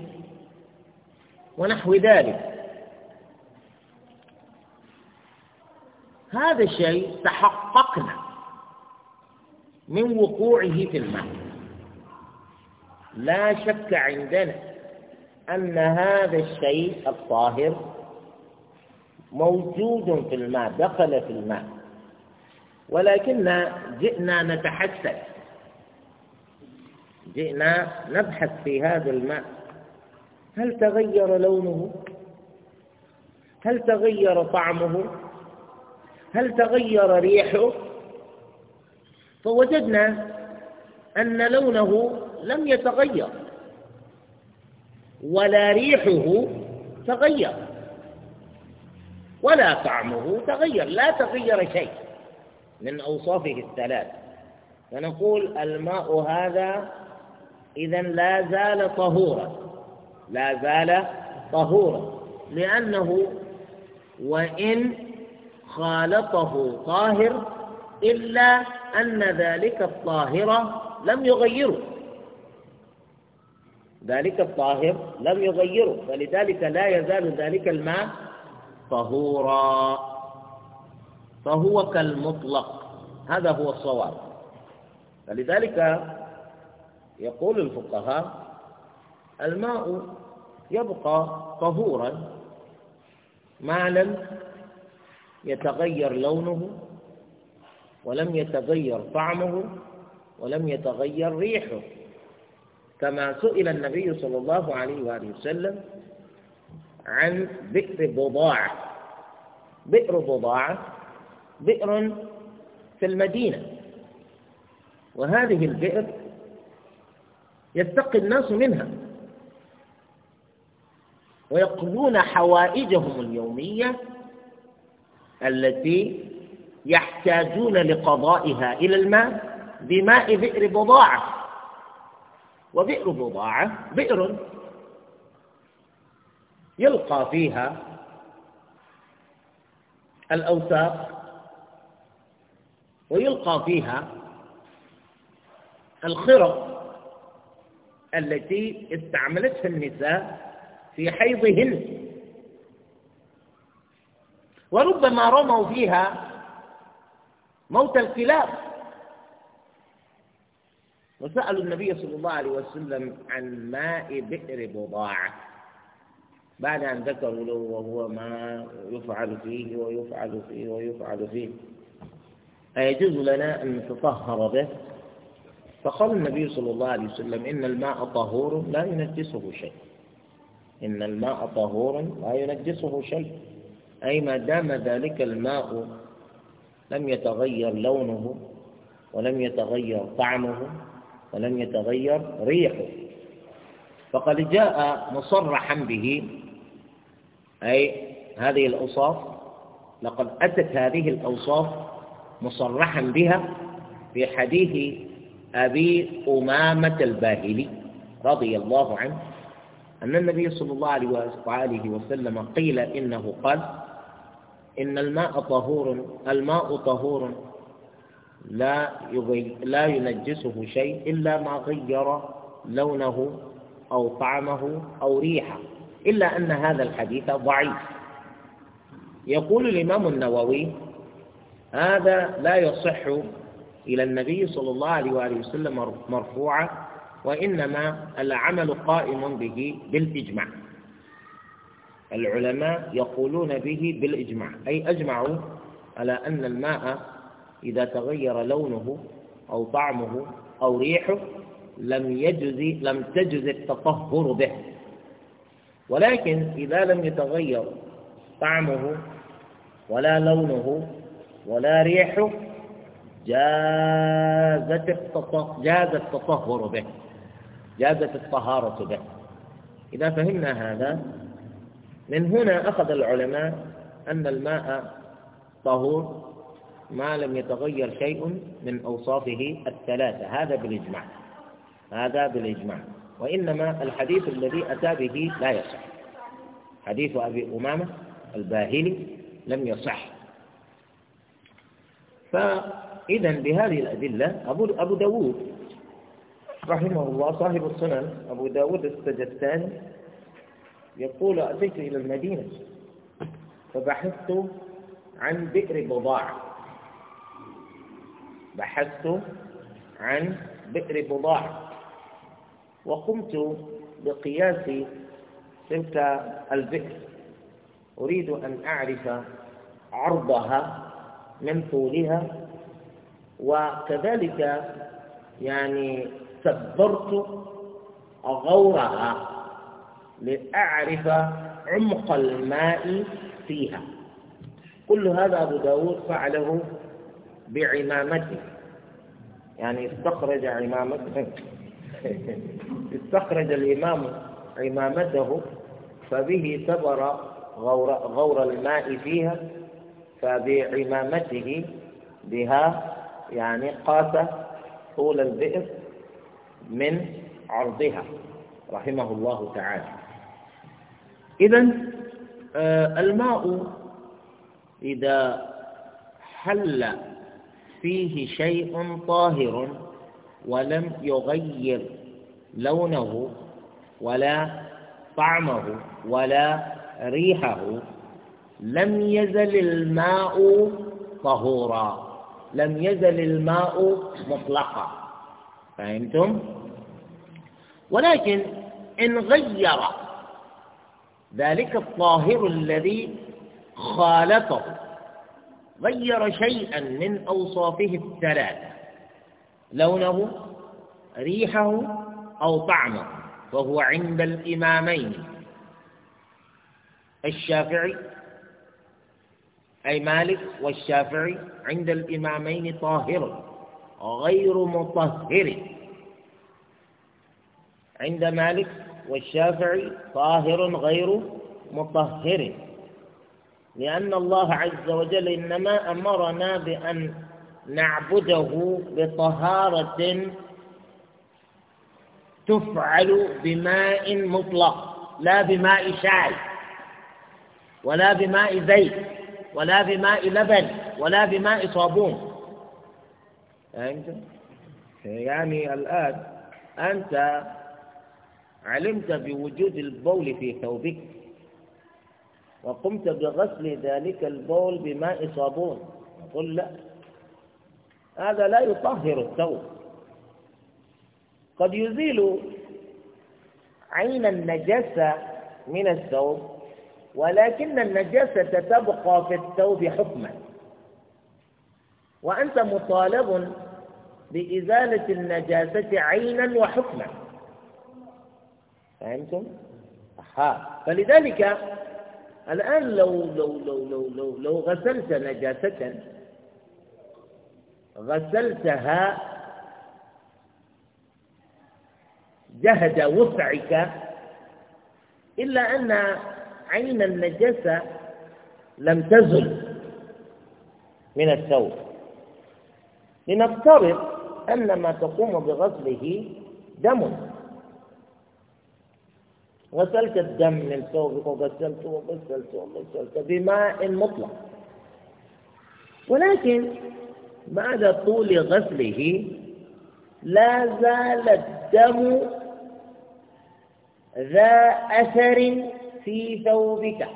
ونحو ذلك هذا الشيء تحققنا من وقوعه في الماء لا شك عندنا أن هذا الشيء الطاهر موجود في الماء دخل في الماء ولكن جئنا نتحسس جئنا نبحث في هذا الماء هل تغير لونه هل تغير طعمه هل تغير ريحه فوجدنا أن لونه لم يتغير ولا ريحه تغير ولا طعمه تغير لا تغير شيء من أوصافه الثلاث فنقول الماء هذا إذا لا زال طهورا لا زال طهورا لأنه وإن خالطه طاهر إلا أن ذلك الطاهر لم يغيره ذلك الطاهر لم يغيره فلذلك لا يزال ذلك الماء طهورا فهو كالمطلق هذا هو الصواب فلذلك يقول الفقهاء الماء يبقى طهورا ما لم يتغير لونه ولم يتغير طعمه ولم يتغير ريحه كما سئل النبي صلى الله عليه وآله وسلم عن بئر بضاعة بئر بضاعة بئر في المدينة وهذه البئر يستقي الناس منها ويقضون حوائجهم اليومية التي يحتاجون لقضائها إلى الماء بماء بئر بضاعة وبئر بضاعة بئر يلقى فيها الأوساق ويلقى فيها الخرق التي استعملتها النساء في حيضهن وربما رموا فيها موت الكلاب وسألوا النبي صلى الله عليه وسلم عن ماء بئر بضاعة بعد أن ذكروا له وهو ما يفعل فيه ويفعل فيه ويفعل فيه أيجوز لنا أن نتطهر به فقال النبي صلى الله عليه وسلم إن الماء طهور لا ينجسه شيء إن الماء طهور لا ينجسه شيء أي ما دام ذلك الماء لم يتغير لونه ولم يتغير طعمه ولم يتغير ريحه فقد جاء مصرحا به أي هذه الأوصاف لقد أتت هذه الأوصاف مصرحا بها في حديث أبي أمامة الباهلي رضي الله عنه أن النبي صلى الله عليه وسلم قيل إنه قال إن الماء طهور الماء طهور لا يغي لا ينجسه شيء إلا ما غير لونه أو طعمه أو ريحه إلا أن هذا الحديث ضعيف يقول الإمام النووي هذا لا يصح إلى النبي صلى الله عليه وآله وسلم مرفوعا وإنما العمل قائم به بالإجماع العلماء يقولون به بالإجماع أي أجمعوا على أن الماء إذا تغير لونه أو طعمه أو ريحه لم يجزي لم تجز التطهر به ولكن إذا لم يتغير طعمه ولا لونه ولا ريحه جازت جاز التطهر به جازت الطهارة به إذا فهمنا هذا من هنا أخذ العلماء أن الماء طهور ما لم يتغير شيء من أوصافه الثلاثة هذا بالإجماع هذا بالإجماع وإنما الحديث الذي أتى به لا يصح حديث أبي أمامة الباهلي لم يصح فإذا بهذه الأدلة أبو أبو داوود رحمه الله صاحب السنن أبو داود السجستاني يقول أتيت إلى المدينة فبحثت عن بئر بضاعة بحثت عن بئر بضاعة وقمت بقياس تلك البئر أريد أن أعرف عرضها من طولها وكذلك يعني سبرت غورها لأعرف عمق الماء فيها كل هذا أبو داود فعله بعمامته يعني استخرج عمامته <laughs> استخرج الإمام عمامته فبه سبر غور, غور الماء فيها فبعمامته بها يعني قاس طول البئر من عرضها رحمه الله تعالى إذا آه، الماء إذا حل فيه شيء طاهر ولم يغير لونه ولا طعمه ولا ريحه لم يزل الماء طهورا لم يزل الماء مطلقا فهمتم ولكن إن غير ذلك الطاهر الذي خالطه غير شيئا من أوصافه الثلاثة لونه ريحه أو طعمه وهو عند الإمامين الشافعي أي مالك والشافعي عند الإمامين طاهر غير مطهر عند مالك والشافعي طاهر غير مطهر لأن الله عز وجل إنما أمرنا بأن نعبده بطهارة تفعل بماء مطلق لا بماء شاي ولا بماء زيت ولا بماء لبن ولا بماء صابون أنت يعني الآن أنت علمت بوجود البول في ثوبك وقمت بغسل ذلك البول بماء صابون قل لا هذا لا يطهر الثوب قد يزيل عين النجاسة من الثوب ولكن النجاسة تبقى في الثوب حكما وأنت مطالب بإزالة النجاسة عينا وحكما فهمتم؟ ها فلذلك الآن لو لو لو لو لو, لو غسلت نجاسة غسلتها جهد وسعك إلا أن عين النجاسة لم تزل من الثوب لنفترض أن ما تقوم بغسله دم غسلت الدم من ثوبك وغسلته وغسلته وغسلته بماء مطلق ولكن بعد طول غسله لا زال الدم ذا أثر في ثوبك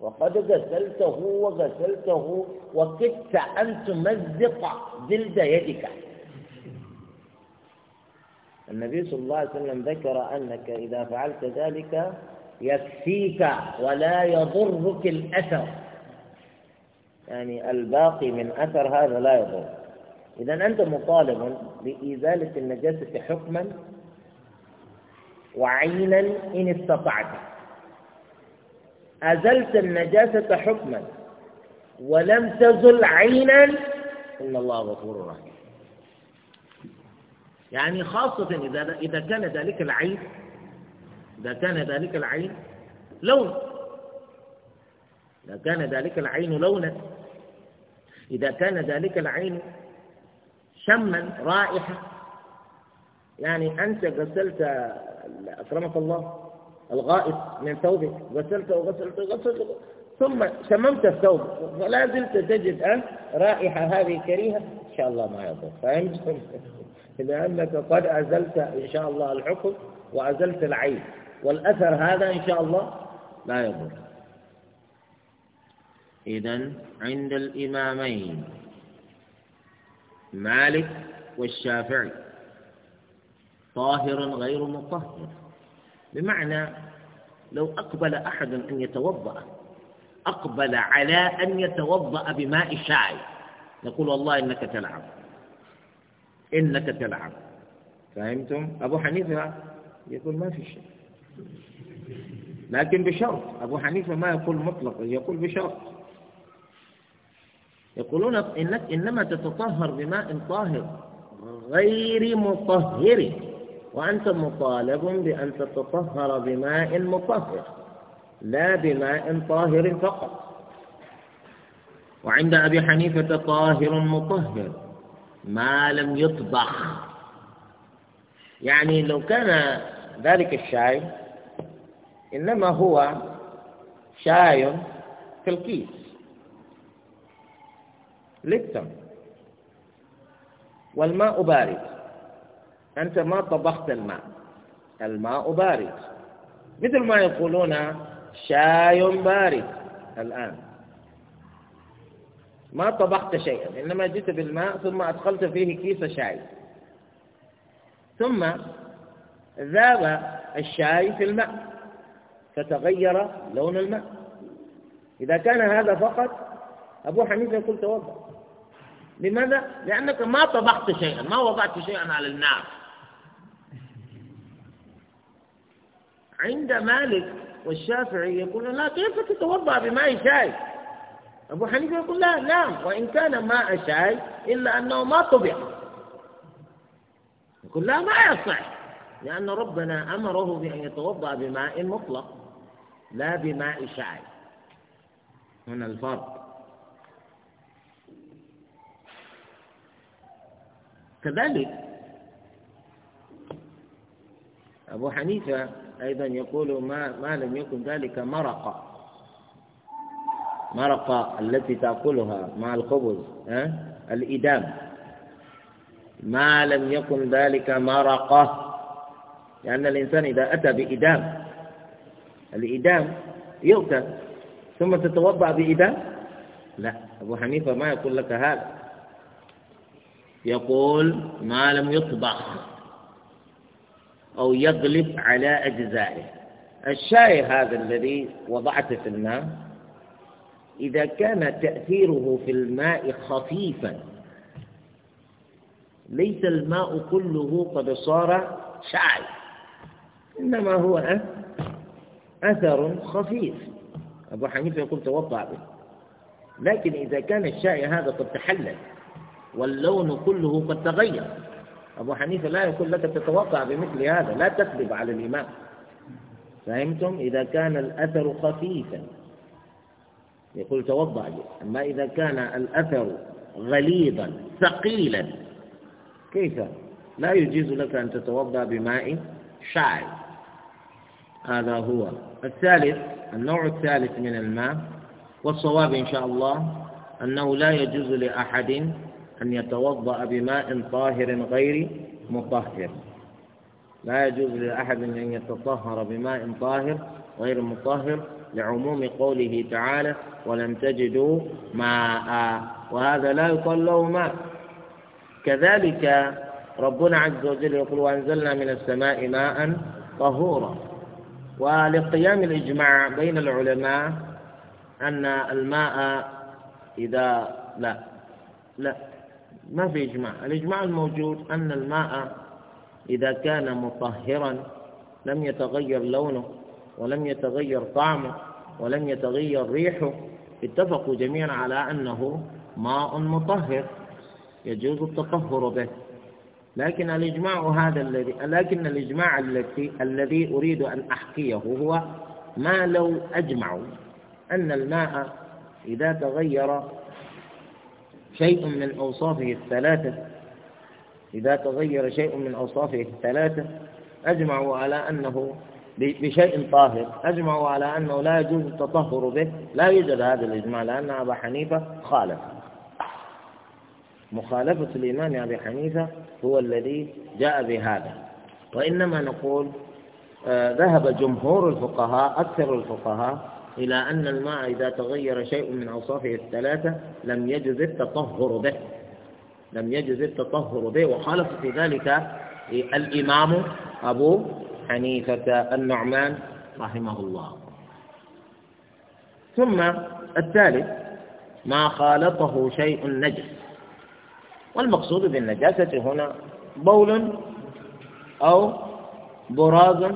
وقد غسلته وغسلته وكدت أن تمزق جلد يدك النبي صلى الله عليه وسلم ذكر أنك إذا فعلت ذلك يكفيك ولا يضرك الأثر يعني الباقي من أثر هذا لا يضر إذا أنت مطالب بإزالة النجاسة حكما وعينا إن استطعت أزلت النجاسة حكما ولم تزل عينا إن الله غفور رحيم يعني خاصة إذا إذا كان ذلك العين إذا كان ذلك العين لون إذا كان ذلك العين لونا إذا كان ذلك العين شما رائحة يعني أنت غسلت أكرمك الله الغائط من ثوبك غسلته وغسلته وغسلته ثم شممت الثوب ولا زلت تجد أنت رائحة هذه كريهة إن شاء الله ما يضر فهمت لأنك قد أزلت إن شاء الله الحكم وأزلت العين والأثر هذا إن شاء الله لا يضر إذا عند الإمامين مالك والشافعي طاهر غير مطهر بمعنى لو أقبل أحد أن يتوضأ أقبل على أن يتوضأ بماء الشاي نقول والله إنك تلعب إنك تلعب فهمتم أبو حنيفة يقول ما في شيء لكن بشرط أبو حنيفة ما يقول مطلق يقول بشرط يقولون إنك إنما تتطهر بماء طاهر غير مطهر وأنت مطالب بأن تتطهر بماء مطهر لا بماء طاهر فقط وعند أبي حنيفة طاهر مطهر ما لم يطبخ يعني لو كان ذلك الشاي إنما هو شاي في الكيس لبتم والماء بارد أنت ما طبخت الماء الماء بارد مثل ما يقولون شاي بارد الآن ما طبخت شيئا إنما جئت بالماء ثم أدخلت فيه كيس شاي ثم ذاب الشاي في الماء فتغير لون الماء إذا كان هذا فقط أبو حنيفة يقول توضأ لماذا؟ لأنك ما طبخت شيئا ما وضعت شيئا على النار عند مالك والشافعي يقول لا كيف تتوضأ بماء شاي أبو حنيفة يقول لا نعم وإن كان ما شاي إلا أنه ما طبع يقول لا ما يصح لأن ربنا أمره بأن يتوضأ بماء مطلق لا بماء شاي هنا الفرق كذلك أبو حنيفة أيضا يقول ما, ما لم يكن ذلك مرقة مرقة التي تأكلها مع الخبز أه؟ الإدام ما لم يكن ذلك مرقة لأن الإنسان إذا أتى بإدام الإدام يؤتى ثم تتوضأ بإدام لا أبو حنيفة ما يقول لك هذا يقول ما لم يطبخ أو يغلب على أجزائه الشاي هذا الذي وضعته في الماء إذا كان تأثيره في الماء خفيفا ليس الماء كله قد صار شعل إنما هو أثر خفيف أبو حنيفة يقول توضع به لكن إذا كان الشاي هذا قد تحلل واللون كله قد تغير أبو حنيفة لا يقول لك تتوقع بمثل هذا لا تكذب على الإمام فهمتم إذا كان الأثر خفيفا يقول توضأ لي أما إذا كان الأثر غليظا ثقيلا كيف لا يجوز لك أن تتوضأ بماء شعر هذا هو الثالث النوع الثالث من الماء والصواب إن شاء الله أنه لا يجوز لأحد أن يتوضأ بماء طاهر غير مطهر لا يجوز لأحد أن يتطهر بماء طاهر غير مطهر لعموم قوله تعالى ولم تجدوا ماء وهذا لا يقال له ماء كذلك ربنا عز وجل يقول وأنزلنا من السماء ماء طهورا ولقيام الإجماع بين العلماء أن الماء إذا لا لا ما في إجماع الإجماع الموجود أن الماء إذا كان مطهرا لم يتغير لونه ولم يتغير طعمه ولم يتغير ريحه اتفقوا جميعا على أنه ماء مطهر يجوز التطهر به لكن الإجماع هذا الذي لكن الإجماع الذي الذي أريد أن أحكيه هو ما لو أجمعوا أن الماء إذا تغير شيء من أوصافه الثلاثة إذا تغير شيء من أوصافه الثلاثة أجمعوا على أنه بشيء طاهر أجمعوا على أنه لا يجوز التطهر به لا يوجد هذا الإجماع لأن أبا حنيفة خالف مخالفة الإمام أبي حنيفة هو الذي جاء بهذا وإنما نقول آه، ذهب جمهور الفقهاء أكثر الفقهاء إلى أن الماء إذا تغير شيء من أوصافه الثلاثة لم يجز التطهر به لم يجز التطهر به وخالف في ذلك الإمام أبو حنيفة النعمان رحمه الله ثم الثالث ما خالطه شيء نجس والمقصود بالنجاسة هنا بول أو براز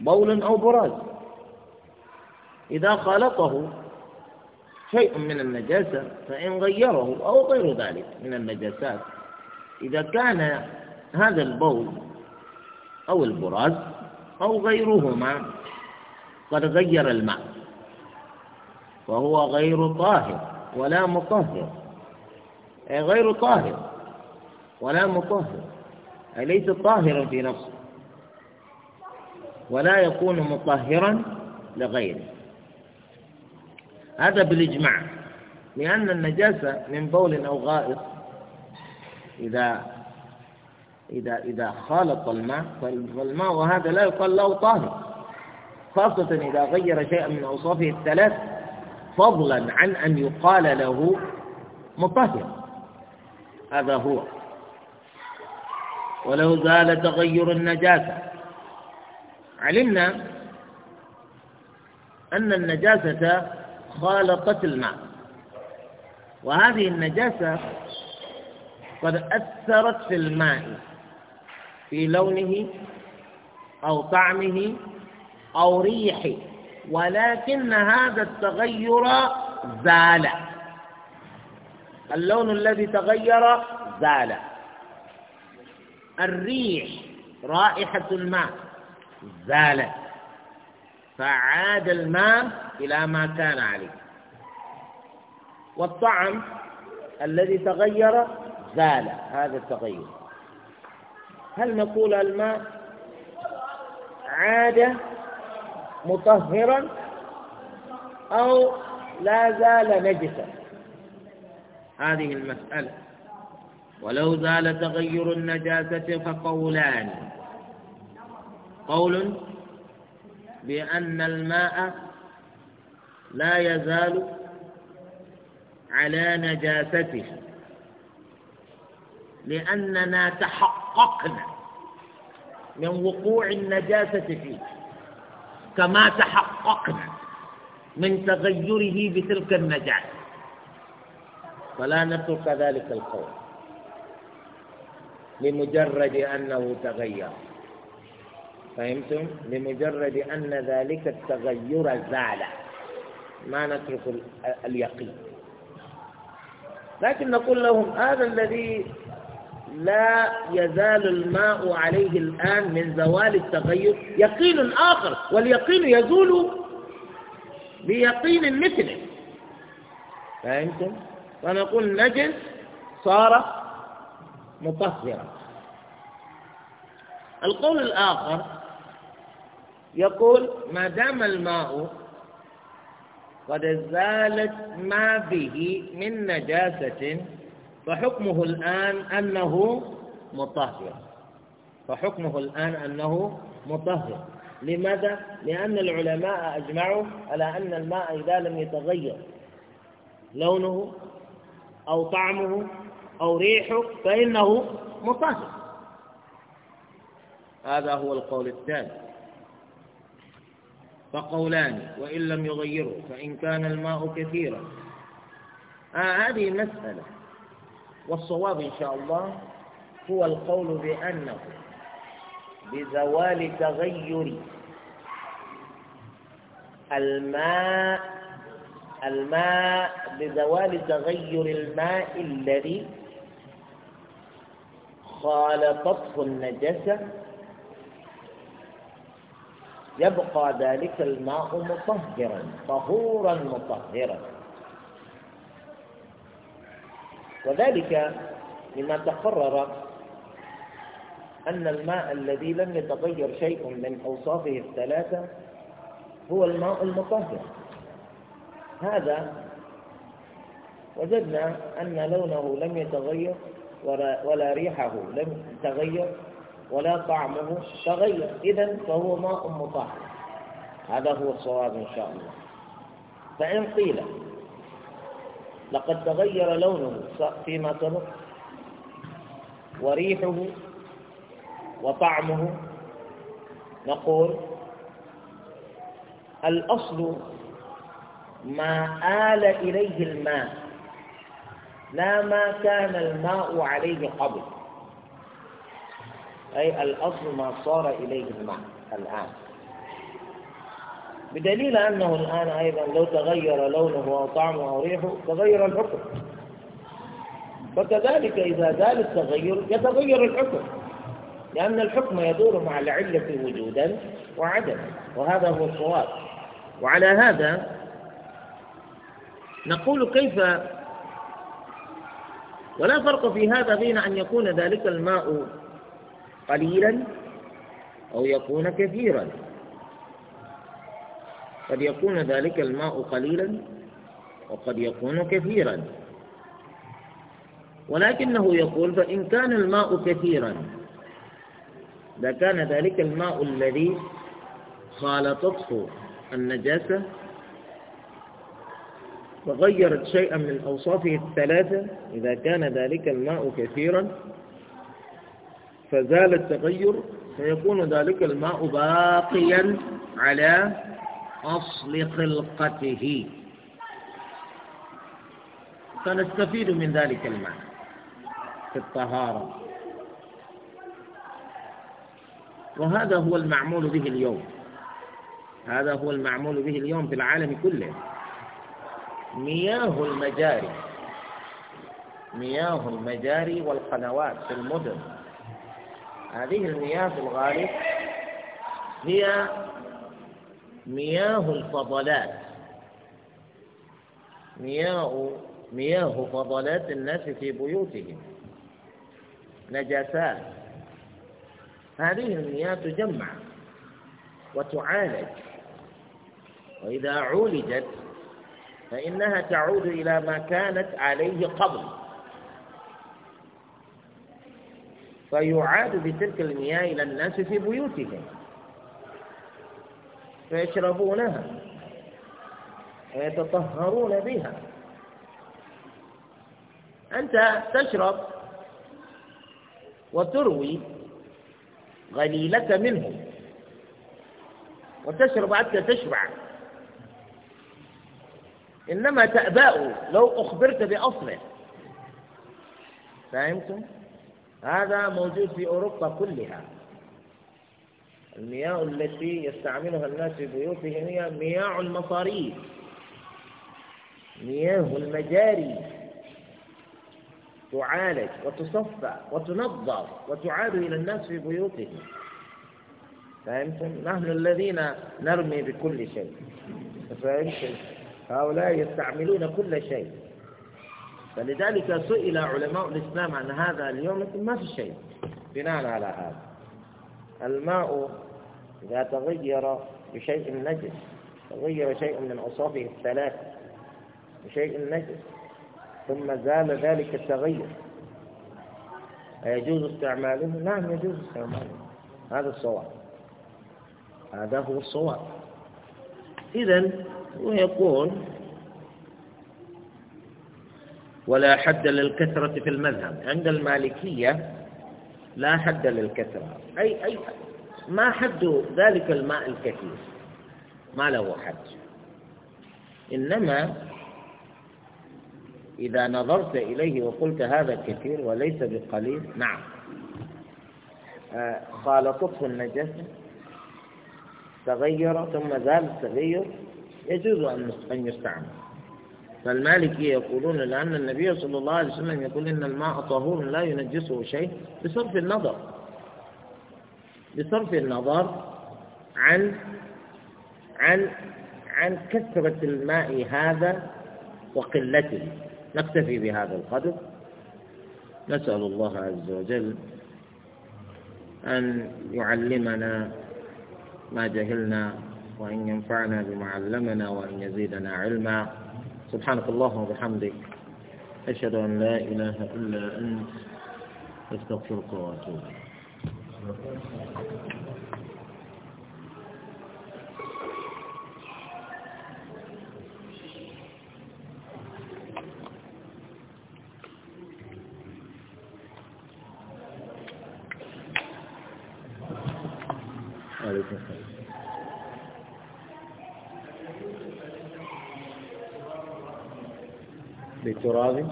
بول أو براز إذا خالطه شيء من النجاسة فإن غيره أو غير ذلك من النجاسات إذا كان هذا البول أو البراز أو غيرهما قد غير الماء فهو غير طاهر ولا مطهر أي غير طاهر ولا مطهر أي ليس طاهرا في نفسه ولا يكون مطهرا لغيره هذا بالإجماع لأن النجاسة من بول أو غائط إذا إذا إذا خالط الماء فالماء وهذا لا يقال له طاهر خاصة إذا غير شيئا من أوصافه الثلاث فضلا عن أن يقال له مطهر هذا هو ولو زال تغير النجاسة علمنا أن النجاسة خالطت الماء وهذه النجاسة قد أثرت في الماء في لونه أو طعمه أو ريحه ولكن هذا التغير زال اللون الذي تغير زال الريح رائحة الماء زالت فعاد الماء إلى ما كان عليه والطعم الذي تغير زال هذا التغير هل نقول الماء عاد مطهرا أو لا زال نجسا هذه المسألة ولو زال تغير النجاسة فقولان قول بأن الماء لا يزال على نجاسته لأننا تحققنا من وقوع النجاسة فيه كما تحققنا من تغيره بتلك النجاسة فلا نترك ذلك القول لمجرد أنه تغير فهمتم؟ لمجرد أن ذلك التغير زال ما نترك اليقين لكن نقول لهم هذا الذي لا يزال الماء عليه الآن من زوال التغير يقين آخر واليقين يزول بيقين مثله فهمتم؟ فنقول نجس صار مطهرا القول الآخر يقول ما دام الماء قد زالت ما به من نجاسة فحكمه الآن أنه مطهر فحكمه الآن أنه مطهر لماذا؟ لأن العلماء أجمعوا على أن الماء إذا لم يتغير لونه أو طعمه أو ريحه فإنه مطهر هذا هو القول الثاني فقولان وإن لم يغيره فإن كان الماء كثيرا آه هذه مسألة والصواب إن شاء الله هو القول بأنه بزوال تغير الماء الماء بزوال تغير الماء الذي خالطته النجسة يبقى ذلك الماء مطهرا طهورا مطهرا وذلك لما تقرر أن الماء الذي لم يتغير شيء من أوصافه الثلاثة هو الماء المطهر هذا وجدنا أن لونه لم يتغير ولا ريحه لم يتغير ولا طعمه تغير إذا فهو ماء مطهر هذا هو الصواب إن شاء الله فإن قيل لقد تغير لونه فيما سبق وريحه وطعمه نقول الأصل ما آل إليه الماء لا ما كان الماء عليه قبل أي الأصل ما صار إليه الماء الآن بدليل أنه الآن أيضا لو تغير لونه أو طعمه أو ريحه تغير الحكم فكذلك إذا زال التغير يتغير الحكم لأن الحكم يدور مع العلة وجودا وعدما وهذا هو الصواب وعلى هذا نقول كيف ولا فرق في هذا بين أن يكون ذلك الماء قليلا أو يكون كثيرا قد يكون ذلك الماء قليلا وقد يكون كثيرا ولكنه يقول فإن كان الماء كثيرا لكان ذلك الماء الذي خالطته النجاسة وغيرت شيئا من أوصافه الثلاثة إذا كان ذلك الماء كثيرا فزال التغير فيكون ذلك الماء باقيا على أصل خلقته فنستفيد من ذلك المعنى في الطهارة وهذا هو المعمول به اليوم هذا هو المعمول به اليوم في العالم كله مياه المجاري مياه المجاري والقنوات في المدن هذه المياه في الغالب هي مياه الفضلات مياه مياه فضلات الناس في بيوتهم نجاسات هذه المياه تجمع وتعالج وإذا عولجت فإنها تعود إلى ما كانت عليه قبل فيعاد بتلك المياه إلى الناس في بيوتهم فيشربونها ويتطهرون بها أنت تشرب وتروي غليلك منه وتشرب حتى تشبع إنما تأباء لو أخبرت بأصله فهمتم؟ هذا موجود في أوروبا كلها المياه التي يستعملها الناس في بيوتهم هي مياه المصاريف مياه المجاري تعالج وتصفى وتنظف وتعاد إلى الناس في بيوتهم فهمتم؟ نحن الذين نرمي بكل شيء فهمتم؟ هؤلاء يستعملون كل شيء فلذلك سئل علماء الإسلام عن هذا اليوم ما في شيء بناء على هذا الماء إذا تغير بشيء نجس تغير شيء من أوصافه الثلاث بشيء نجس ثم زال ذلك التغير أيجوز استعماله؟ نعم يجوز استعماله هذا الصواب هذا هو الصواب إذا هو يقول ولا حد للكثرة في المذهب عند المالكية لا حد للكثرة أي أي ما حد ذلك الماء الكثير ما له حد إنما إذا نظرت إليه وقلت هذا كثير وليس بقليل نعم خالطته آه، النجاسة تغير ثم زال التغير يجوز أن يستعمل فالمالكية يقولون لأن النبي صلى الله عليه وسلم يقول إن الماء طهور لا ينجسه شيء بصرف النظر بصرف النظر عن عن عن كثرة الماء هذا وقلته نكتفي بهذا القدر نسأل الله عز وجل أن يعلمنا ما جهلنا وأن ينفعنا بما علمنا وأن يزيدنا علما سبحانك اللهم وبحمدك أشهد أن لا إله إلا أنت استغفرك واتوب بتراب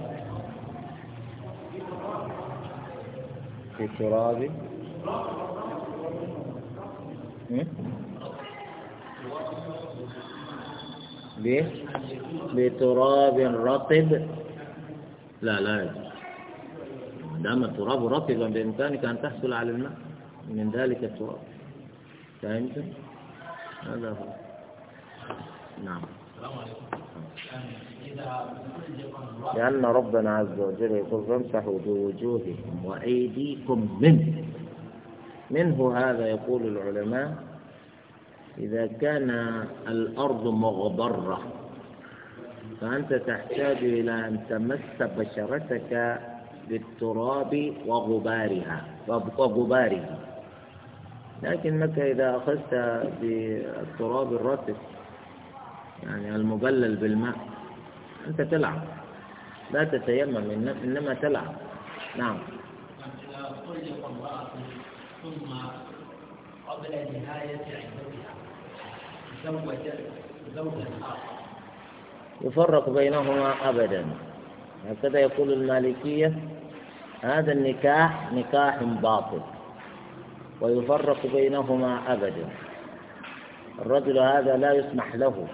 بتراب بتراب رطب لا لا ما دام التراب رطبا بإمكانك أن تحصل على الماء من ذلك التراب فهمت؟ هذا هو نعم السلام عليكم يعني إذا لأن ربنا عز وجل يقول فامسحوا بوجوهكم وأيديكم منه منه هذا يقول العلماء إذا كان الأرض مغبرة فأنت تحتاج إلى أن تمس بشرتك بالتراب وغبارها وغباره لكنك إذا أخذت بالتراب الرطب يعني المبلل بالماء أنت تلعب لا تتيمم إنما تلعب نعم طلق امرأة ثم قبل نهاية عدتها زوجا يفرق بينهما أبدا هكذا يقول المالكية هذا النكاح نكاح باطل ويفرق بينهما أبدا الرجل هذا لا يسمح له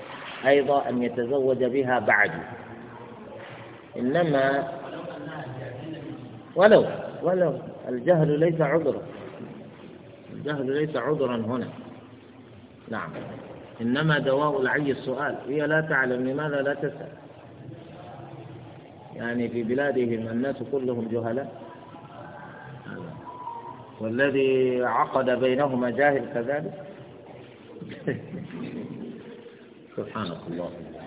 أيضا أن يتزوج بها بعد إنما ولو ولو الجهل ليس عذرا الجهل ليس عذرا هنا نعم إنما دواء العي السؤال هي لا تعلم لماذا لا تسأل يعني في بلادهم الناس كلهم جهلاء والذي عقد بينهما جاهل كذلك <laughs> سبحانك اللهم